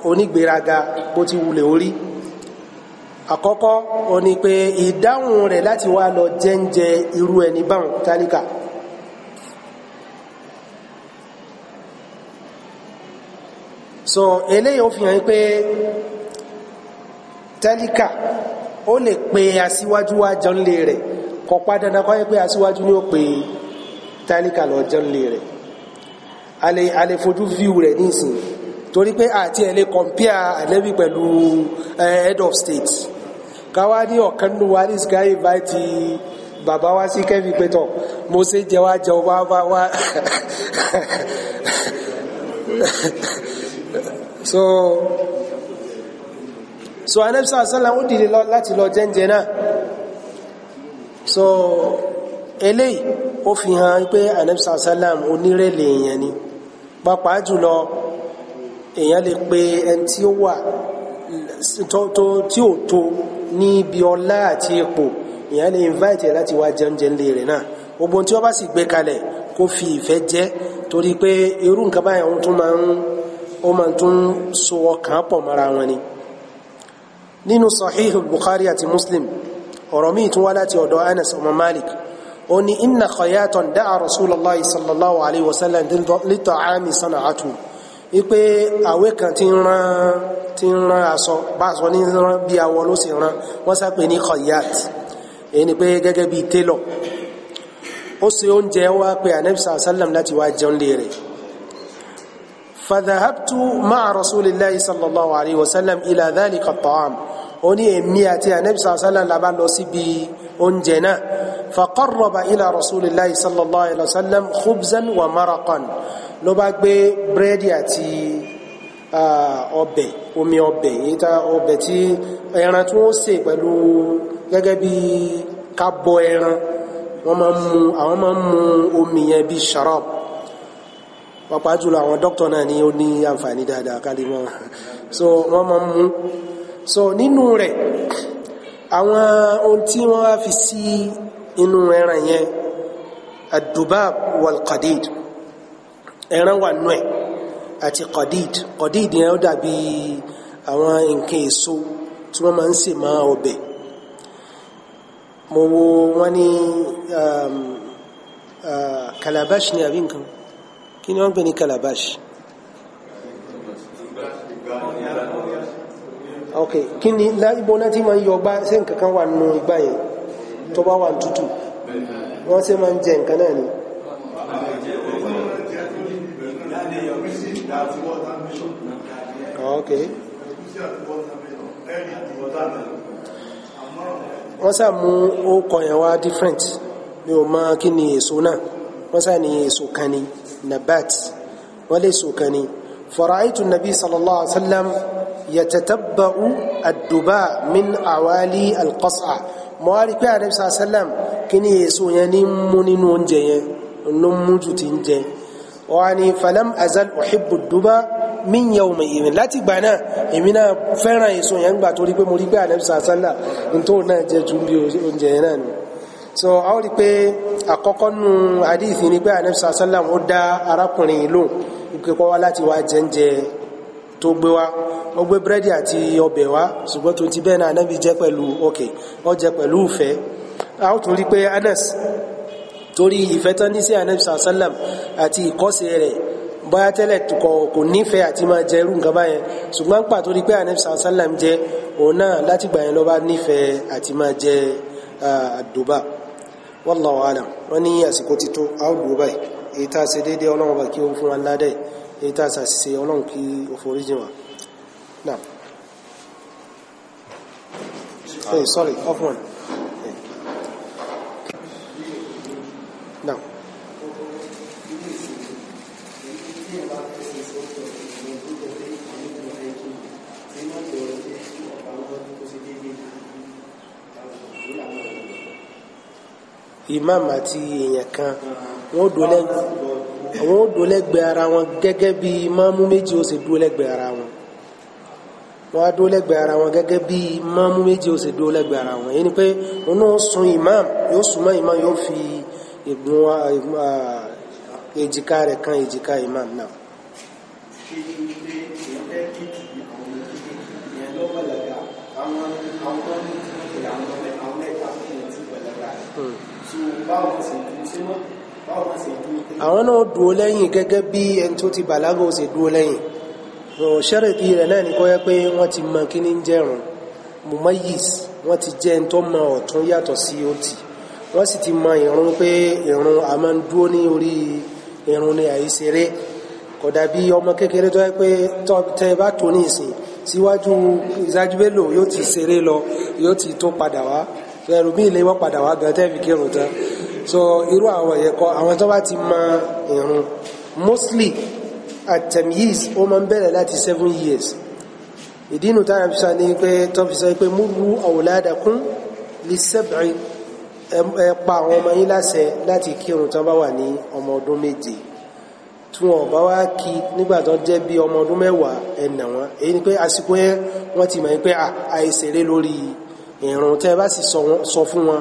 onígbéraga bó ti wulẹ̀ orí àkọ́kọ́ ó ní pé ìdáhùn rẹ̀ láti wá lọ jẹ́ǹjẹ irú ẹni báhùn tálíkà so eléyìí ó fi hàn pé tálíkà ó lè pe aṣíwájú wá jẹun lé rẹ̀ kò pa dandan kọ́ yẹ pé aṣíwájú ni ó pe tálíkà lọ jẹun lé rẹ̀ a lè fojú fíw rẹ̀ nísìnyí torí pé àti ẹ̀ lè kọ̀mpíà pẹ̀lú eh, head of state káwá ní ọ̀kan nínú wa ní sky invite bàbá wa sí kẹ́fì pétọ̀ mo ṣe jẹ wá jẹ wá wá wá so so anẹ́bísà sálà ó dìde láti lọ jẹ́ǹjẹ́ so eléyìí ó fi hàn pé anẹ́bísà sálà onírẹ̀lẹ̀ èèyàn ni pàápàá jùlọ pe ẹni tí ó wà tí ó tó ní ibi ọlá àti ipò èèyàn lè invite láti wá jẹ́ǹjẹ́ ńlẹ̀ rẹ̀ náà gbogbo tí wọ́n bá sì gbé kalẹ̀ kó fi ìfẹ́ jẹ́ torí pé irú nǹkan báyìí ó máa ń so ọkàn pọ̀ mọ́ra wọn ni nínú sahih bukhari àti muslim ọ̀rọ̀ míì tún wá láti ọ̀dọ̀ anas ọmọ malik ó ní inna khayatan da'a rasulallah sallallahu alayhi wa sallam li ta'ami sana'atu ipe àwẹ̀ kan ti ran ti ran aṣọ bá aṣọ ní ran bí awọ ló sì ran wọ́n sápè ní khayat èyí pé gẹ́gẹ́ bí télọ̀ ó ṣe oúnjẹ wá pé anabi sallam láti wá jẹun lé rẹ̀ فذهبت مع رسول الله صلى الله عليه وسلم إلى ذلك الطعام أني أمياتي النبي صلى الله عليه وسلم لبان لسبي أنجنا فقرب إلى رسول الله صلى الله عليه وسلم خبزا ومرقا لباك بريدياتي ọbẹ̀ omi ọbẹ̀ ìta ọbẹ̀ tí ẹran tí wọ́n sè pẹ̀lú gẹ́gẹ́ bí kábọ ẹran wọ́n máa ń mu àwọn máa ń mu omi yẹn bí sharab pàápàá jùlọ àwọn dókítà náà ni ó ní àǹfààní dáadáa kálí mọ́ so wọ́n máa mú so nínú rẹ̀ àwọn ohun tí wọ́n wá fi sí inú ẹran yẹn adubab wal qadid ẹran wà nù ẹ̀ àti qadid qadid yẹn ó dàbí àwọn nǹkan èso tí wọ́n máa ń sè máa ọbẹ̀ mo wo wọ́n ní um, uh, calabash ní àbí nǹkan kí ni wọ́n ń ní calabash ok kí ni ibo náà ti máa ń yọ ọgbà ṣé nǹkan kan wà nínú igbá yẹn tó bá wà tútù wọ́n ṣe máa ń jẹ nǹkan náà ni. ok wọ́n sá mú ó kọ̀yàn wá different mi ò mọ kí ni èso náà wọ́n sá ní èso kan ni. Okay nabat wọ́n lè so kan ni faraitu nabi sallallahu alaihi wasallam yatatabba'u ad-duba min awali al-qas'a mo wá rí pé àrẹ́bí sallam kí ni èso yẹn ní mú nínú oúnjẹ yẹn ló mú jù ti ń jẹ wọ́n ni falam azal uhibbu ad-duba min yawmi ìrìn láti gbà náà èmi náà fẹ́ràn èso yẹn gbà torí pé mo rí pé àrẹ́bí sallam nítorí náà jẹ ju bí oúnjẹ yẹn náà ni so a ó rí i pé àkọ́kọ́ nu àdìsí ni pé anamsa salam ó dá arákùnrin yìí lóhùn ìpè kọ́ wá láti wá jẹ́ńjẹ́ tó gbé wá ó gbé búrẹ́dì àti ọbẹ̀ wá ṣùgbọ́n tó ti bẹ́ẹ̀ náà anábì jẹ́ pẹ̀lú ọkẹ̀ ó jẹ pẹ̀lú ìfẹ́ a ó tún rí pé anas torí ìfẹ́ tán ní sí anamsa salam àti ìkọ́sẹ̀ rẹ̀ bóyá tẹ́lẹ̀ kò nífẹ̀ẹ́ àti máa jẹ irú nǹkan báyẹn ṣùgbọ́n pàtó rí pé anamsa salam jẹ òun náà látìgbà yẹn ló bá àti máa jẹ àdùbà. wallahu alam wọ́n ní àsìkò tító èyí a ṣe déédéé kí ó fún wa ládẹ́ èyí tá a ṣàṣìṣe ọlọ́run kí ó imam àti èèyàn kan wọ́n dúró lẹ́gbẹ̀ẹ́ ara wọn gẹ́gẹ́ bí imamu méjì ó ṣe dúró lẹ́gbẹ̀ẹ́ ara wọn wọ́n á dúró ara wọn gẹ́gẹ́ bí imamu méjì ó ṣe ara wọn èyí ni pé wọn náà sun imam yóò súnmọ́ imam yóò fi ègún èjìká rẹ̀ kan èjìká imam náà. àwọn náà dúró lẹ́yìn gẹ́gẹ́ bí ẹni tó ti bàlágà ó ṣe dúró lẹ́yìn ṣẹ́rẹ̀dì rẹ̀ náà ní kọ́ yẹ pé wọ́n ti mọ kí ní jẹ́rùn mumayis wọ́n ti jẹ́ ẹni tó mọ ọ̀tún yàtọ̀ sí òtì wọ́n sì ti mọ ìrun pé ìrun a máa ń dúró ní orí ìrun ní àìṣeré kò dàbí ọmọ kékeré tó yẹ pé tẹ bá tó ní ìsìn síwájú ìsájú yóò ti ṣeré lọ yóò ti tó padà wá ẹrù bí ilé wọn padà wá gan tẹ́ẹ̀fì kírun tán so irú àwọn yẹn kọ́ àwọn tó bá ti mọ ìrun mostly at-tamyiz ó máa ń bẹ̀rẹ̀ láti seven years ìdínú táyà fi sọ ní pé tó fi sọ pé múrú awladakum li sab'i ẹ pa àwọn ọmọ yín láṣẹ láti kírun tó bá wà ní ọmọ ọdún méje tí wọn bá wá kí nígbà tó jẹ́ bí ọmọ ọdún mẹ́wàá ẹ̀nà wọn èyí ni pé àsìkò yẹn wọ́n ti mọ̀ pé àìṣeré lórí ìrun tẹ́ bá sì sọ fún wọn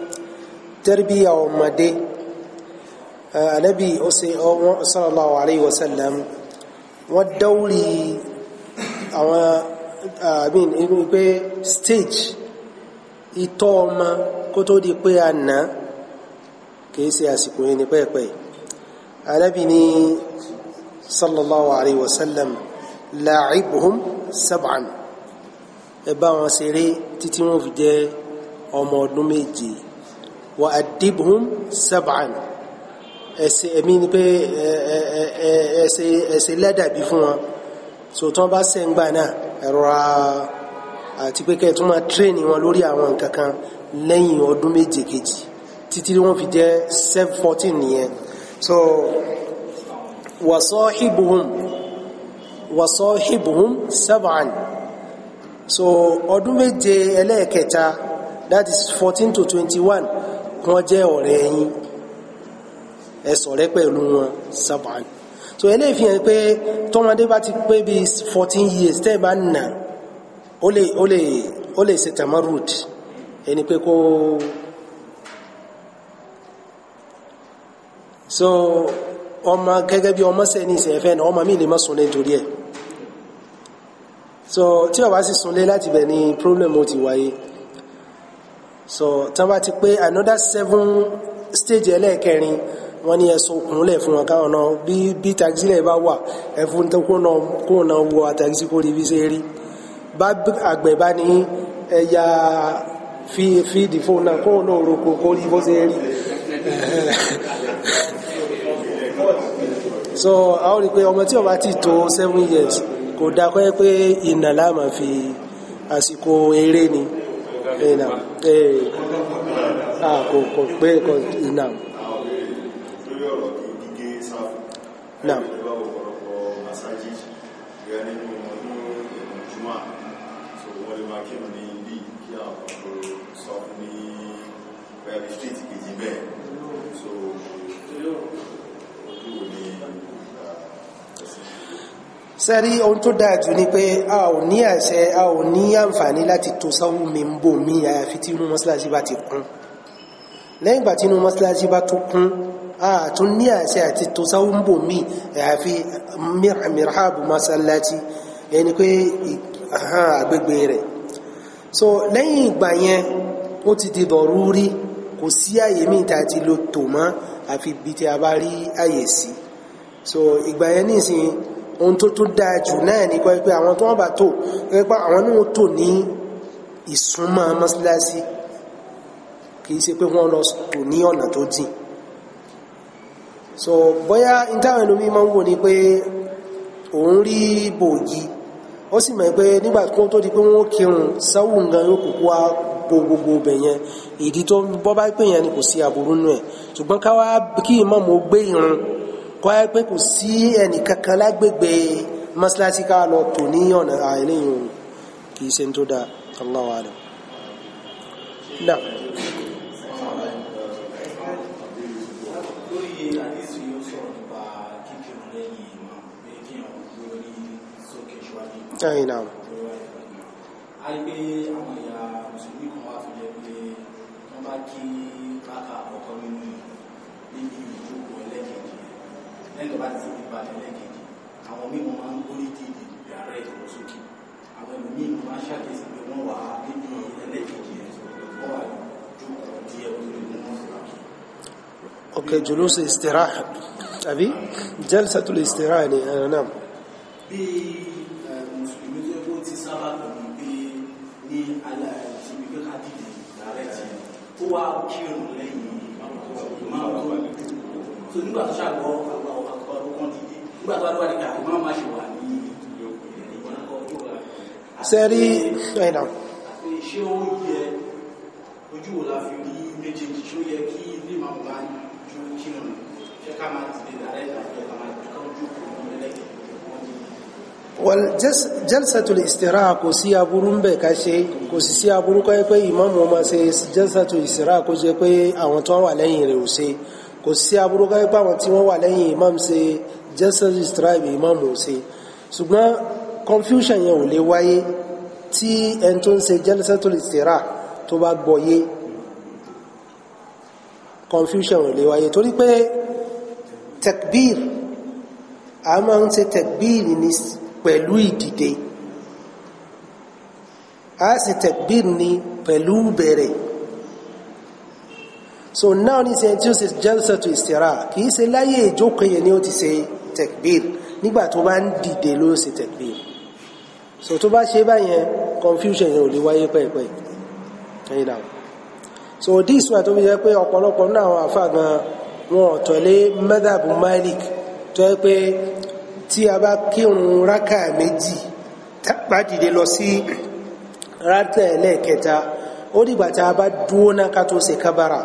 tẹ́rìbíyà ọmọdé anabi sallallahu alayhi wa sallam wọ́n dáwùrì àwọn àbín pé stage ìtọ́ ọmọ kó tó di pé a nà kìí ṣe àsìkò yẹn ní pẹ́ẹ̀pẹ́ anabi ni sallallahu alayhi wa sallam la'ibuhum sab'an ẹ bá wọn ṣeré títí wọn fi jẹ ọmọ ọdún méje wa adibhum sab'an ẹsẹ ẹmí ni pé ẹsẹ ẹsẹ lẹ́dàbí fún wọn sòtán bá sẹ́ngbà náà ẹ̀rọ àti pé kẹ́ẹ̀tún máa tírẹ́nì wọn lórí àwọn nǹkan kan lẹ́yìn ọdún méje kejì títí wọ́n fi jẹ́ 714 nìyẹn so wasahibuhum wasahibuhum sab'an so ọdún méje ẹlẹ́ẹ̀kẹta that is 14 to 21 wọ́n jẹ́ ọ̀rẹ́ yín ẹ ṣọ̀rẹ́ pẹ̀lú wọn sábàn so eléyìí fi hàn pé tọ́mọdé bá ti pé bíi fourteen years tẹ́ ẹ bá nà ó lè ó lè ó lè ṣe tamarud ẹni pé kó so ọmọ gẹ́gẹ́ bí ọmọ sẹ́ni ìsẹ̀fẹ́ náà ọmọ mi lè má sunlé nítorí ẹ̀ so tí ó bá sì sunlé láti bẹ̀ ni problem ó ti wáyé so tán bá ti pé another seven stage ẹlẹ́ẹ̀kẹrin wọ́n ní ẹ̀sùn òkúnlẹ̀ fún wọn káwọn náà bí bí taxi lẹ̀ bá wà ẹ̀fún tó kó náà kó náà wọ àtàkìsí kó rí bí ṣe rí bá àgbẹ̀ bá ní ẹ̀yà fi fi dìfò náà kó náà roko kó rí ṣe rí so àwọn rí pé ọmọ tí ó bá ti tó seven years kò dákọ́ pé ìnà láàmà fi àsìkò eré ni ìnà àà kò kò pé kò ìnà náà Kí ni sẹ́rí ohun tó dáa jù ni pé a ò ní àṣẹ a ò ní àǹfààní láti tò sáwọn mi ń bò mí àyàfi tí inú mọ́ṣáláṣí bá ti kún lẹ́yìn ìgbà tí inú mọ́ṣáláṣí bá tó kún a tún ní àṣẹ àti tò sáwọn bò mí àyàfi mìíràbù mọ́ṣáláṣí ẹni pé àgbègbè rẹ̀ so lẹ́yìn ìgbà yẹn ó ti di dọ̀rúrí kò sí àyè míì tá a ti lo tò àfi bí tí àyè sí so ìgbà yẹn nísìnyí ohun tó tó dáa jù náà ní kọ́ pé àwọn tó wọ́n bá tò pé àwọn náà tó ní ìsúnmọ́ mọ́síláṣí kì í ṣe pé wọ́n lọ tò ní ọ̀nà tó dì so bóyá ìtàwọn ẹlòmí máa ń wò ní pé òun rí bòògì ó sì mọ̀ pé nígbà tó tó di pé wọ́n kírun sáwù nǹkan yóò kúkú wá kọ́ ẹ pé kò sí ẹnì kankan lágbègbè mọ́sálásí ká lọ tò ní ọ̀nà àìlẹ́yìn òun kì í ṣe tó dáa Allahu alam. Ẹ̀yìn àwọn ìyá Mùsùlùmí kan wá fi jẹ́ pé wọ́n bá kí lẹ́yìn tó bá ti fi ti balẹ̀ lẹ́ẹ̀kejì àwọn mímọ máa ń gbórí ti ìdìbò ààrẹ ìdìbò sókè àwọn ẹlòmíì ló máa ń ṣàkíyèsí pé wọ́n wà níbi ẹlẹ́ẹ̀kejì ẹ̀sùn wọ́n wà jókòó díẹ̀ olórí mú wọn síra kí. ok julus istiraha tàbí jalsatul istiraha ni ẹ̀rọ eh, náà. bí eh, mùsùlùmí tó kó ti sábà pẹ̀lú pé ní alẹ́ àti ibi pé ká dìde ààrẹ ti tó wá kírun lẹ́yìn ìmáàmù tó wà nígbà tó ṣàgbọ́ nígbà tó wà ní ká ìmọ̀ máa ṣe wà ní sẹ́rí ẹ̀dà ṣé ó yẹ ojú wo la fi rí méjèèjì ṣó yẹ kí ilé máa bá ju kí n ṣe ká máa ti dènà rẹ̀ tàbí ẹ̀ka tó ojú kò kò sí aburú ń bẹ̀ ká ṣe kò sì sí aburú kọ́ pé ìmáàmù ó máa ṣe jalsatul istiraha kó jẹ́ pé àwọn tó wà lẹ́yìn rẹ̀ ò ṣe kò sí aburú kọ́ pé àwọn tí wọ́n wà lẹ́yìn ìmáàmù ṣe just as describe imam ò ṣe ṣùgbọ́n confusion yẹn ò lè wáyé tí ẹni tó ń ṣe jalsatul istira tó bá gbọ́yé confusion ò lè wáyé torí pé takbir a máa ń ṣe takbir ní pẹ̀lú ìdìde a sì takbir ni pẹ̀lú bẹ̀rẹ̀ so náà ní sẹ́yìn tí ó ṣe jalsatul istira kì í ṣe láyé ìjókòó yẹn ni ó ti ṣe tekbir nígbà tó bá ń dìde ló ṣe tekbir so tó bá ṣe báyẹn confusion yẹn ò lè wáyé pẹ́ẹ́pẹ́ ẹ̀yìn náà so di one tó fi jẹ́ pé ọ̀pọ̀lọpọ̀ nínú àwọn àfa gan wọn ò tọ́lé madhab Malik tó yẹ pé tí a bá kírun rákà méjì tá a bá dìde lọ sí rákà ẹlẹ́ẹ̀kẹta ó dìgbà tá a bá dúró náà ká tó ṣe kábàrà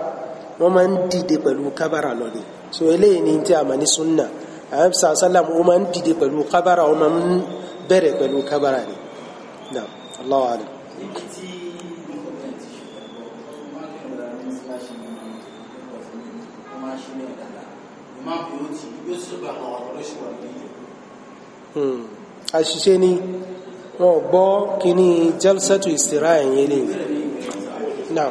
wọ́n máa ń dìde pẹ̀lú kábàrà lọ́ni so eléyìí ni tí a mọ̀ ní sunna anabi sàlá sàlám ó máa ń dìde pẹ̀lú kábàrà ó máa ń bẹ̀rẹ̀ pẹ̀lú kábàrà ni naam Allahu alam. Hmm. àṣìṣe ni wọn ò gbọ́ kíní jẹ́lsẹ̀tù ìsìnrá ẹ̀yìn ilé náà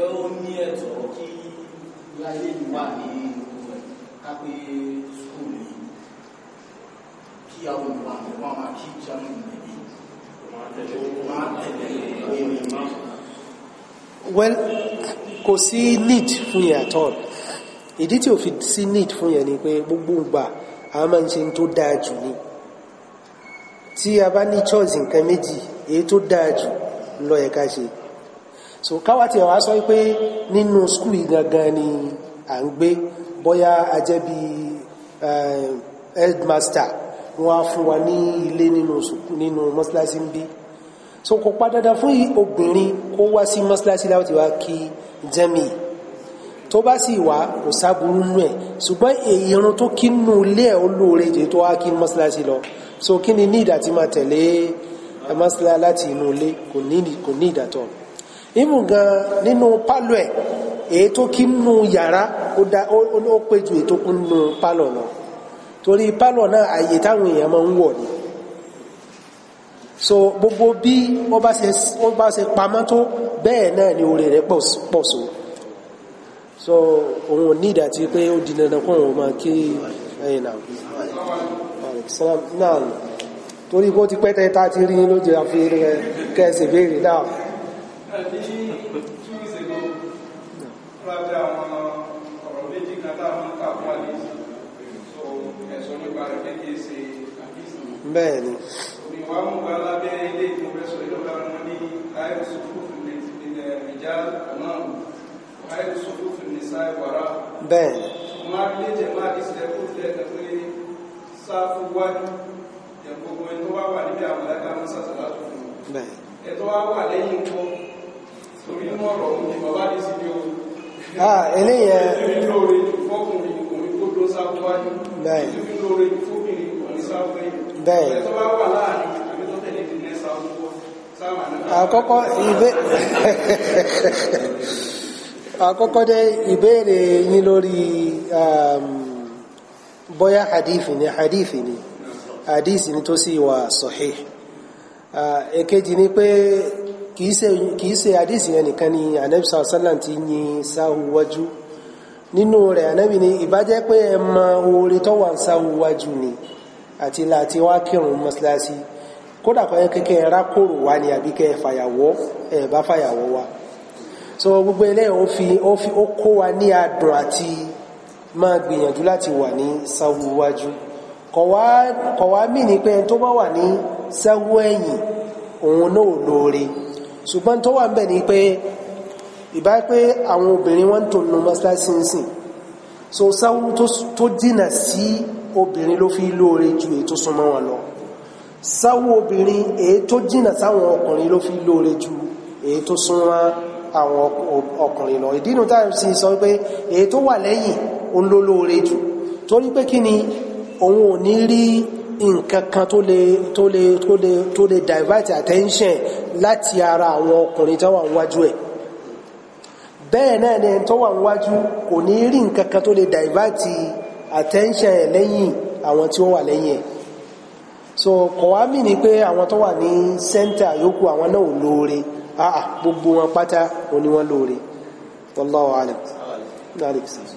ǹjẹ́ ó ní ẹ̀tọ́ kí láyé yìí wà ní ìwẹ̀ kápẹ́ skul yìí kí àwọn olùwà ní wọn máa kí jáde nìyí máa tẹ̀lé ìwé máa. well kò sí need fún yẹn at all ìdí tí ò fi sí need fún yẹn ni pé gbogbo ìgbà àwọn máa ń ṣe tó dáa jù ni tí a bá ní choice nǹkan méjì èyí tó dáa jù ló yẹ ká ṣe so káwá tí wàá sọ pé nínú skul gangan ni à ń gbé bóyá a jẹ́ bí eh, headmaster wọn á fún wa ní ilé nínú nínú ń bí so kò pa dandan fún obìnrin kó wá sí mọ́ṣáláṣí láti wá kí jẹ́mi tó bá sì wá kò sáburú nù ẹ̀ ṣùgbọ́n ìrun tó kí nù ilé ẹ̀ olóore jẹ́ tó wá kí mọ́ṣáláṣí lọ so kí ni ní ìdá tí máa tẹ̀lé mọ́ṣáláṣí láti inú ilé kò ní ìdàtọ̀. ìmù gan nínú pálọ̀ ẹ̀ èyí tó kí nínú yàrá ó pé ju èyí tó kún nínú pálọ̀ lọ torí pálọ̀ náà àyè táwọn èèyàn máa ni so gbogbo bí wọ́n bá ṣe pamọ́ tó bẹ́ẹ̀ náà ni orí rẹ̀ so so òun ní ìdàtí pé ó di dandan kó òun máa kí ti tá ti rí lójú ní two weeks ago lábẹ́ àwọn ọ̀rọ̀ méjì kan táwọn ń kà fún àlejò so ẹ̀sọ́ nípa rẹ̀ pé kìí ṣe àbísùn. bẹ́ẹ̀ ni. ìwà mú wa lábẹ́ ilé ìfowópamọ́sọ ìjọba wọn ní káyọ̀ sọ́kùnfù nílẹ̀ ìjà náà káyọ̀ sọ́kùnfù ní sáì wàrà. bẹ́ẹ̀ ni. máa ń lé jẹ máa di sílẹ̀ kó tilẹ̀ kẹ́ pé sáfù wájú ẹ̀kọ́ gbogbo ẹni tó wá wà níbi àwọn ẹ̀ka mọ́sàtà látọ̀ fún un. bẹ́ẹ̀. ẹ̀tọ́ wá wà lẹ́yìn kan torí inú é òun ni bàbá ní sí ní o eléyẹn ìrìn lóore fọkùnrin òun kó dó sáwájú ìrìn lóore fóbìnrin òun sáwájú bẹ́ẹ̀ tó bá wà láàrin àbí tó tẹ̀lé ìdílé sáwájú àkọ́kọ́ àkọ́kọ́ dé ìbéèrè yín lórí um, bóyá hadithi ni hadithi ni hadithi ni tó sì wà sahih ah, èkejì ni pé kìí ṣe àdísì yẹn nìkan ni anabi sàlám ti yin sáhù nínú rẹ̀ anabi ni ìbájẹ́ pé ẹ mọ oore tó wà sáhù wájú ni àti láti wá kírun mọ́sálásí kódà kọ́ kẹ́kẹ́ rákòrò wá ni àbí kẹ́ fàyàwọ́ ẹ̀ bá fàyàwọ́ wá so gbogbo eléyìí ó fi ó fi ó kó wa ní adùn àti máa gbìyànjú láti wà ní sáwù wájú mí ni pé tó bá wà ní sáwù òun náà lóore. No ṣùgbọ́n tó wà ń bẹ̀ ni pé ìbá pé àwọn obìnrin wọ́n ń tò nù mọ́sálásí ń sìn so sáwú tó dínà sí obìnrin ló fi lóore ju èyí tó súnmọ́ wọn lọ sáwú obìnrin èyí tó dínà sáwọn ọkùnrin ló fi lóore ju èyí tó súnmọ́ àwọn ọkùnrin lọ ìdínú táyọ̀ sí sọ pé èyí tó wà lẹ́yìn òun ló lóore jù torí pé kí ni òun ò ní rí nǹkan kan tó lè tó lè tó lè tó lè divert attention láti ara àwọn ọkùnrin tó wà níwájú ẹ̀ bẹ́ẹ̀ náà ni tó wà níwájú kò ní rí nǹkan tó lè divert attention ẹ̀ lẹ́yìn àwọn tí ó wà lẹ́yìn ẹ̀ so kò wá mì ní pé àwọn tó wà ní center yòókù àwọn náà ò lóore ah gbogbo wọn pátá òní wọn lóore wallahu alam. Alex. Alex.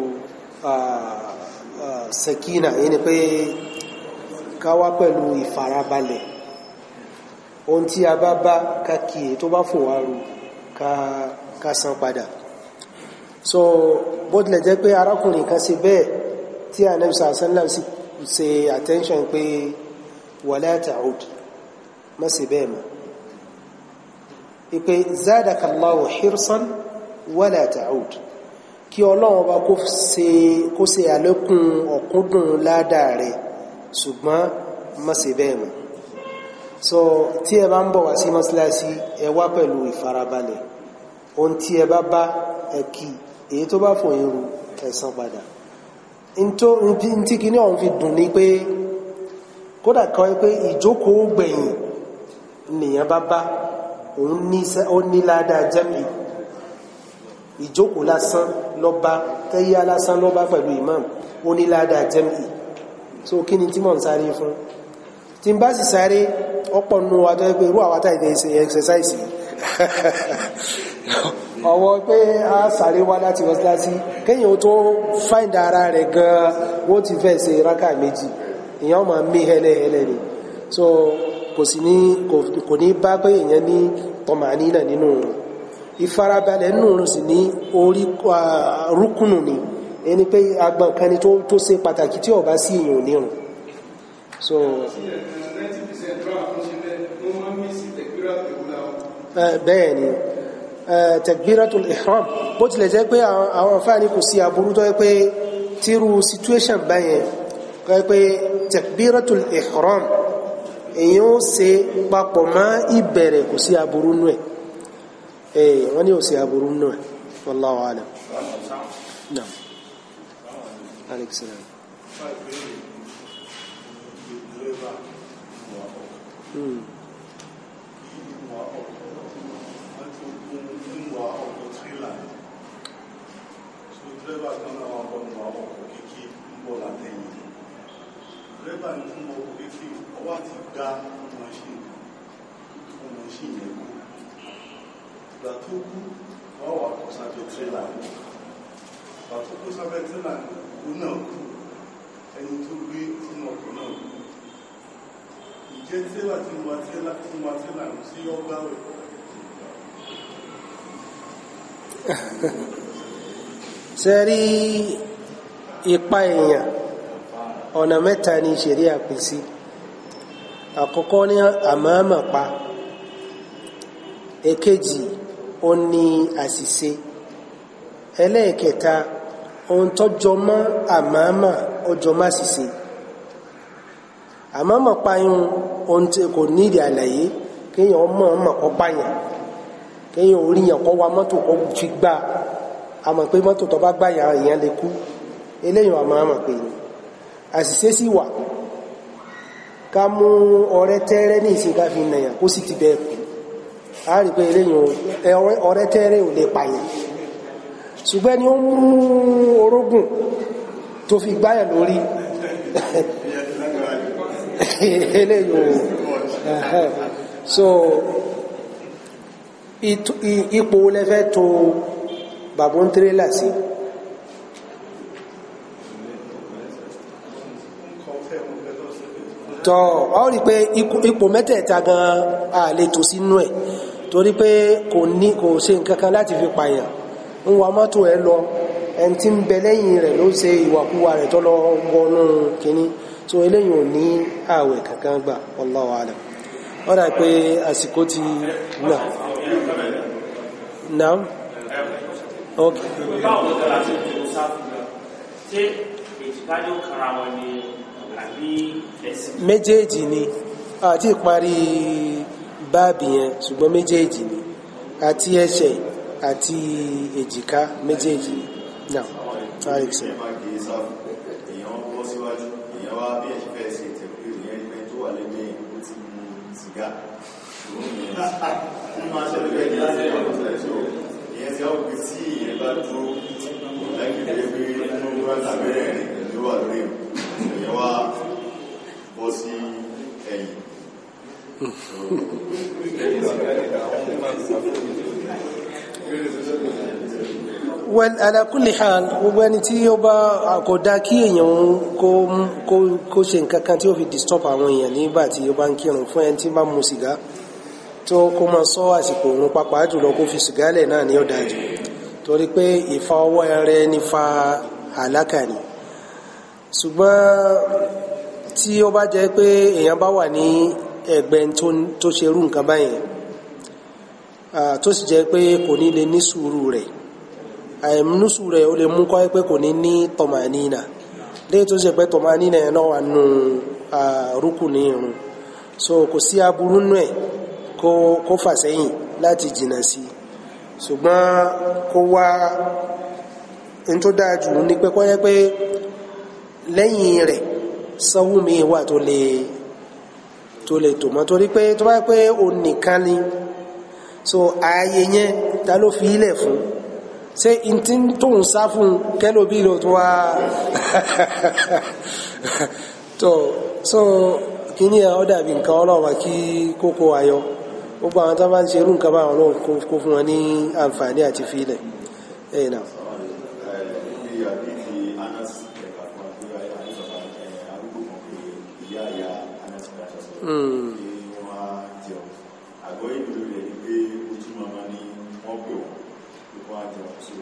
sakina yìí ni pé ká wá pẹ̀lú ìfarabalẹ̀ ohun tí a bá bá ká kíyè tó bá fò wá ru ká san padà so bó tilẹ̀ jẹ́ pé arákùnrin kan ṣe bẹ́ẹ̀ tí anabi sàásánlá sì ṣe attention pé wala ta'ud má ṣe bẹ́ẹ̀ mọ́ ipe zadaka hirsan wala ta'ud kí ọlọ́run ọba kó ṣe kó ṣe àlékún ọ̀kúndùn ládàá rẹ̀ ṣùgbọ́n má ṣe bẹ́ẹ̀ mọ́ so tí ẹ bá ń bọ̀ wá sí mọ́ṣáláṣí ẹ wá pẹ̀lú ìfarabalẹ̀ ohun tí ẹ bá bá ẹ kì èyí tó bá fòyìn ru ẹ san padà ntí kí ní ọ̀hún fi dùn ni pé kódà kan pé ìjókòó gbẹ̀yìn nìyẹn bá bá òun ní ládàá jẹ́mìí ìjókòó lásán lọ́ba tẹ́yà lásán lọ́ba pẹ̀lú imam onílàdà jẹ́mì so kí ni tí mò ń sáré fún tí n bá sì sáré ọ̀pọ̀ nù wa pé irú àwa táyì exercise ọwọ́ pé a sáré wá láti wọ́n láti kéyìn ó tó find ara rẹ̀ gan-an wọ́n ti fẹ́ ṣe rákà méjì èèyàn máa mí hẹ́lẹ́hẹ́lẹ́ ni so kò sí ní kò ní bá pé èèyàn ní tọmọ àníyàn nínú rẹ̀ ìfarabalẹ̀ nùrùn sì ní orí rúkúnù ni ẹni pé agbọ̀nkani tó ṣe pàtàkì tí ó sí èèyàn nírun so bẹ́ẹ̀ ni takbiratul ihram bó tilẹ̀ jẹ́ pé àwọn àǹfààní kò sí aburú pé tíru situation báyẹn kọ́ yẹ pé takbiratul ihram èèyàn ó ṣe papọ̀ mọ́ ìbẹ̀rẹ̀ kò sí aburú nù ẹ̀ ايه wọ́n ní ò sí aburú náà wallahu alam náà alex salam Mm. dírẹ́bà kan náà wọn bọ́nu àwọn ọkọ̀ kékeré ń bọ̀ látẹ̀yìn dírẹ́bà ní fún ọkọ̀ kékeré ọwọ́ àti dá ọmọ ṣì ọmọ ṣì yẹn kú ìgbà tó kú wọ́n wà kó sábẹ́ tírélà ní ìgbà tó kó sábẹ́ tírélà ní òun náà kú ẹni tó gbé sínú ọkọ̀ náà kú ìjẹ́ tírélà tí mo wá tírélà tí mo wá tírélà ní sí ọgbà rẹ̀ ṣe rí ipa èèyàn ọ̀nà mẹ́ta ni ṣeré àpèsí àkọ́kọ́ ní àmàmà pa èkejì ó ní àṣìṣe ẹlẹ́ẹ̀kẹta ohun tọ́jọ mọ́ àmàmà ọjọ́ má ṣìṣe àmàmà payún ohun tí kò nídìí àlàyé kéèyàn ọmọ ọmọ kọ pààyàn kéèyàn oríyàn kọ wa mọ́tò kọ fi gbá àmọ̀ pé mọ́tò tó bá gbàyàn èèyàn lè kú eléyàn àmàmà pé ni àṣìṣe sì wà ká mú ọrẹ tẹ́rẹ́ ní ìsìnká fi nàyàn kó sì ti bẹ́ẹ̀ kú a rí pé eléyìí ọ̀rẹ́ tẹ́rẹ̀ ò lè pààyàn ṣùgbọ́n ni ó mú orógùn tó fi gbáyà lórí eléyìí ò so ipò lẹ́fẹ́ tó bàbá ń tẹ́rẹ̀ là sí. Si tọ́ ọ rí pé ipò mẹ́tẹ̀ẹ̀ta gan àletò sínú ẹ̀ torí pé kò ní kò láti fi pààyàn ń wa mọ́tò ẹ lọ ẹni tí ń bẹ lẹ́yìn rẹ̀ ló ṣe ìwàkuwà rẹ̀ tó lọ wọnú kínní so eléyìí ò ní ààwẹ̀ kankan gbà wallahu alam ọ dà pé àsìkò ti nà nà ṣé wọn ni. àbí ẹ̀sìn. méjèèjì ni àti ìparí báàbì yẹn ṣùgbọ́n méjèèjì ni àti ẹsẹ̀ àti èjìká méjèèjì ni. now alex. èèyàn bọ́ wá bí ẹ̀ṣin fẹ́ ṣe tẹ̀lé ìyẹn tó wà lẹ́gbẹ̀ẹ́ yẹn ó sìgá bọ́ sí ẹ̀yìn well ala kulli hal gbogbo ẹni tí ó bá kò dá kí èèyàn kó ṣe nǹkan kan tí ó fi disturb àwọn èèyàn nígbà tí ó bá ń kírun fún ẹni tí bá mu sìgá tó kó máa sọ àsìkò òun pápá jùlọ kó fi sìgá lẹ̀ náà ní ọ̀dà jù torí pé ìfa ọwọ́ ẹrẹ ní fa àlákà ṣùgbọ́n tí ó bá jẹ́ pé èèyàn bá wà ní ẹ̀gbẹ́ tó ṣe irú nǹkan báyẹn tó sì jẹ́ pé kò ní lè ní sùúrù rẹ̀ àìmúsù rẹ̀ ó lè mú kọ́ pé kò ní ní tọ̀mánínà léyìí tó ṣe pé tọ̀mánínà ẹ̀ náà wà nù rúkù ní irun so kò sí aburú nù ẹ̀ kó fà sẹ́yìn láti jìnnà sí ṣùgbọ́n kó wá n tó dáa jù ní pé yẹ pé lẹ́yìn rẹ̀ sanwó mi wà tó lè tó lè tò mọ́ torí pé tó bá pé òun nìkan ni so ààyè yẹn ta ló fi ilẹ̀ fún ṣé n tí tóun sá fún kẹ́lò bí lò tó wá tó so kí ni ọ dàbí nǹkan ọlọ́wà kí kókó ayọ gbogbo àwọn tó bá ń ṣerú nǹkan báwọn ọlọ́run kó fún wọn ní àǹfààní àti fi ilẹ̀ ẹ̀yìn náà. ni wọ́n á jẹun àgọ́ ìlú rẹ̀ ni a ti wọ́n ní ìgbẹ́jẹ́ tí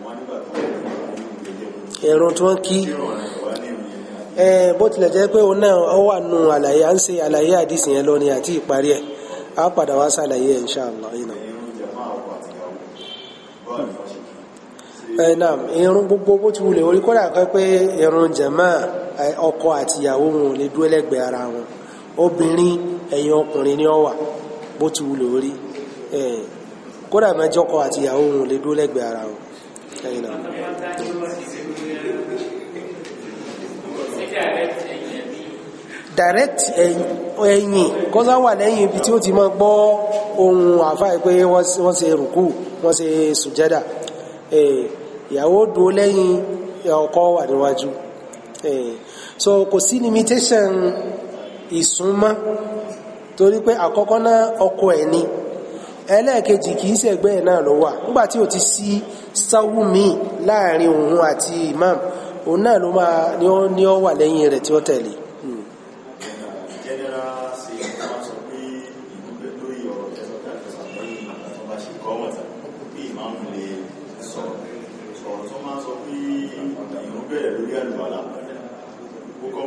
wọ́n kí bó tilẹ̀ jẹ́ pé òun náà wà nù àlàyé gbogbo bó ti wulẹ̀ orí kódà kan pé ọkọ àtìyàwó wọn ò lè ara wọn. obìnrin ẹ̀yìn ọkùnrin ni ọ wà bó ti wù lórí kódà mẹjọkọ àti ìyàwó òun lè dúró lẹ́gbẹ̀ẹ́ ara wọn ẹ̀yìn náà. direct ẹ̀yìn kọ́sá wà lẹ́yìn ibi tí ó ti máa gbọ́ ohun àfáà pé wọ́n ṣe rùkú wọ́n ṣe sùjẹ́dà ìyàwó dúró lẹ́yìn ọkọ wà níwájú so kò sí limitation. ìsúnmọ́ torí pé àkọ́kọ́ náà ọkọ ẹ̀ ni ẹlẹ́ẹ̀kejì kìí ṣẹ̀gbẹ́ ẹ̀ náà ló wà nígbà tí ó ti sí sáwù míì láàrin òun àti imam òun náà ló máa ní wà lẹ́yìn rẹ̀ tí ó tẹ̀lé. bẹ̀rẹ̀ lórí àlùbàlà ó kọ́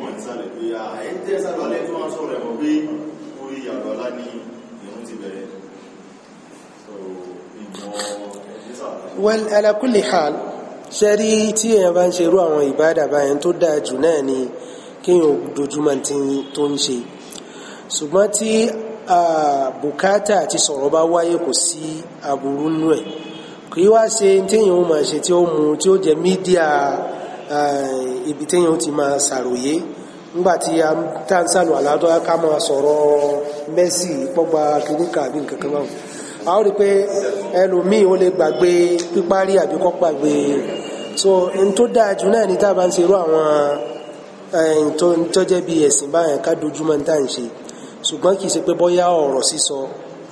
tó rẹ̀ mọ̀ pé orí àlọ́lá ni ìrún ti bẹ̀rẹ̀ well ala kulli hal ṣẹ́rí tí èèyàn bá ń ṣerú àwọn ìbádà báyẹn tó dáa jù náà ni kéèyàn dojúmọ̀ tó ń ṣe ṣùgbọ́n tí bùkátà àti sọ̀rọ̀ bá wáyé kò sí aburú nú ẹ̀ kì wá ṣe téèyàn ó máa ṣe tí ó mú tí ó jẹ́ mídíà ibi téèyàn ó ti máa ṣàròyé ngbàtí a tá ń sànù àlàdọ́ ká máa sọ̀rọ̀ mẹ́sì pọ́gba kìníkà àbí nǹkan kan báwọn a ó rí pé ẹlòmíì ó lè gbàgbé píparí àbí kọ́ so n tó dáa jù náà ni tá a bá ń ṣe irú àwọn tọ́jẹ́ bíi ẹ̀sìn báyẹn ká dojúmọ́ ní tá à ń ṣe ṣùgbọ́n kì í ṣe pé bọ́yá ọ̀rọ̀ sísọ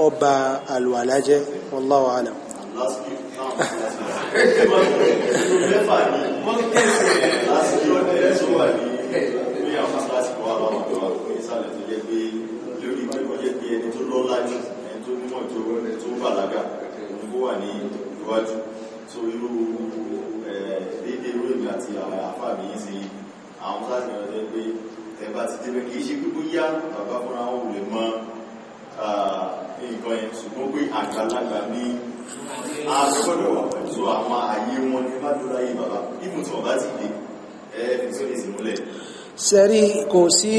ọba àlùwàlá jẹ́ wallahu alam. last week lọ́lá jù ẹni tó mímọ̀ tó ẹni tó bàlágà òun kó wà ní iwájú tó irú déédéé irú èmi àti àwọn àfáà mi yìí sí àwọn sáàsì rẹ̀ jẹ́ pé ẹ̀bá ti débẹ̀ kì í ṣe gbogbo yá bàbá fúnra wọn ò lè mọ nǹkan yẹn ṣùgbọ́n pé àgbàlagbà ní àgbẹ̀gbọ́dọ̀ wà pẹ̀lú àwọn ààyè wọn ní bá dúró ayé bàbá ìmùtí wọn bá ti dé ẹ fi sóde sí múlẹ̀. sẹ́rí kò sí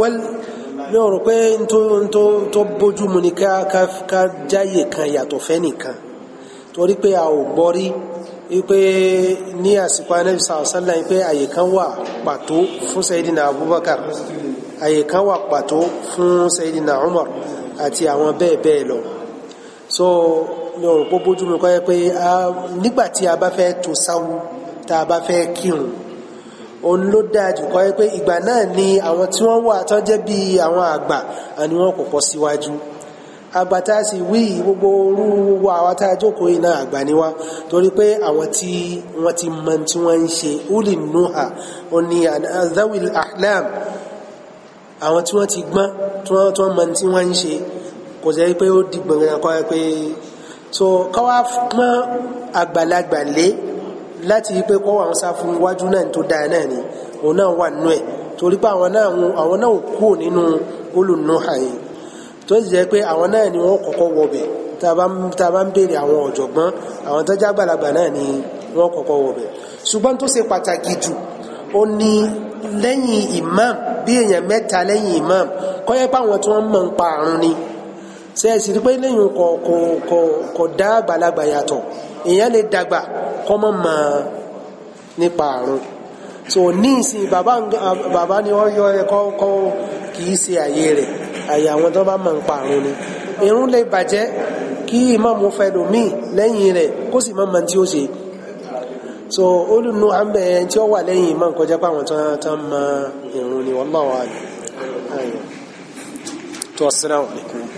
wẹ́lì ní ọ̀rọ̀ pé tó bójú mu ni ká jáyè kan yàtọ̀ fẹ́ nìkan torí pé a ò gbọ́ rí wípé ní àsìkò anabi sàlọ́sálà wípé àyè kan wà pàtó fún Sayyidina Abubakar àyè kan wà pàtó fún Sayyidina Umar àti àwọn bẹ́ẹ̀ bẹ́ẹ̀ lọ so ní ọ̀rọ̀ pé bójú mu kọ́ yẹ pé nígbà tí a bá fẹ́ tó sáwú tá a bá fẹ́ kírun òun ló dáa jù kọ́ pé ìgbà náà ni àwọn tí wọ́n wà tán jẹ́ bí àwọn àgbà àni wọ́n kò pọ̀ síwájú àgbà tá wí gbogbo orú wa àwa tá a iná àgbà ni torí pé àwọn tí wọ́n ti mọ tí wọ́n ń ṣe ulin nuha oni adawil ahlam àwọn tí wọ́n ti gbọ́n tí wọ́n tí wọ́n mọ tí wọ́n ń ṣe kò jẹ́ pé ó di gbọ̀ngàn kọ́ pé so káwá mọ́ àgbàlagbà lé láti pé kọ́ àwọn sáfù wájú náà tó dáa náà ni òun náà wà nínú ẹ̀ torí pé àwọn náà àwọn kú nínú olùnúhà yìí tó sì jẹ́ pé àwọn náà ni wọ́n kọ́kọ́ wọbẹ̀ tá a bá ń béèrè àwọn ọ̀jọ̀gbọ́n àwọn tó jágbàlagbà náà ni wọ́n kọ́kọ́ wọbẹ̀ ṣùgbọ́n tó ṣe pàtàkì jù ó ní lẹ́yìn imam bí èèyàn mẹ́ta lẹ́yìn imam kọ́ yẹ pé àwọn tí wọ́n mọ̀ ń pa àrùn ni ṣe é sì rí pé lẹ́yìn kò dá àgbàlagbà yàtọ̀ èèyàn lè dàgbà kọ́ mọ̀ mọ́ nípa àrùn so ní ìsìn bàbá ni wọ́n yọ ẹ̀kọ́ kọ́ kì ṣe àyè rẹ̀ àyè àwọn tó bá mọ̀ n àrùn ni irun lè bàjẹ́ kí ìmáàmù fẹ́ lòmíì lẹ́yìn rẹ̀ kó sì mọ́ tí ó ṣe so olùnú àmì tí ó wà lẹ́yìn ìmọ̀ nǹkan jẹ́ pàwọn tán tán ni tó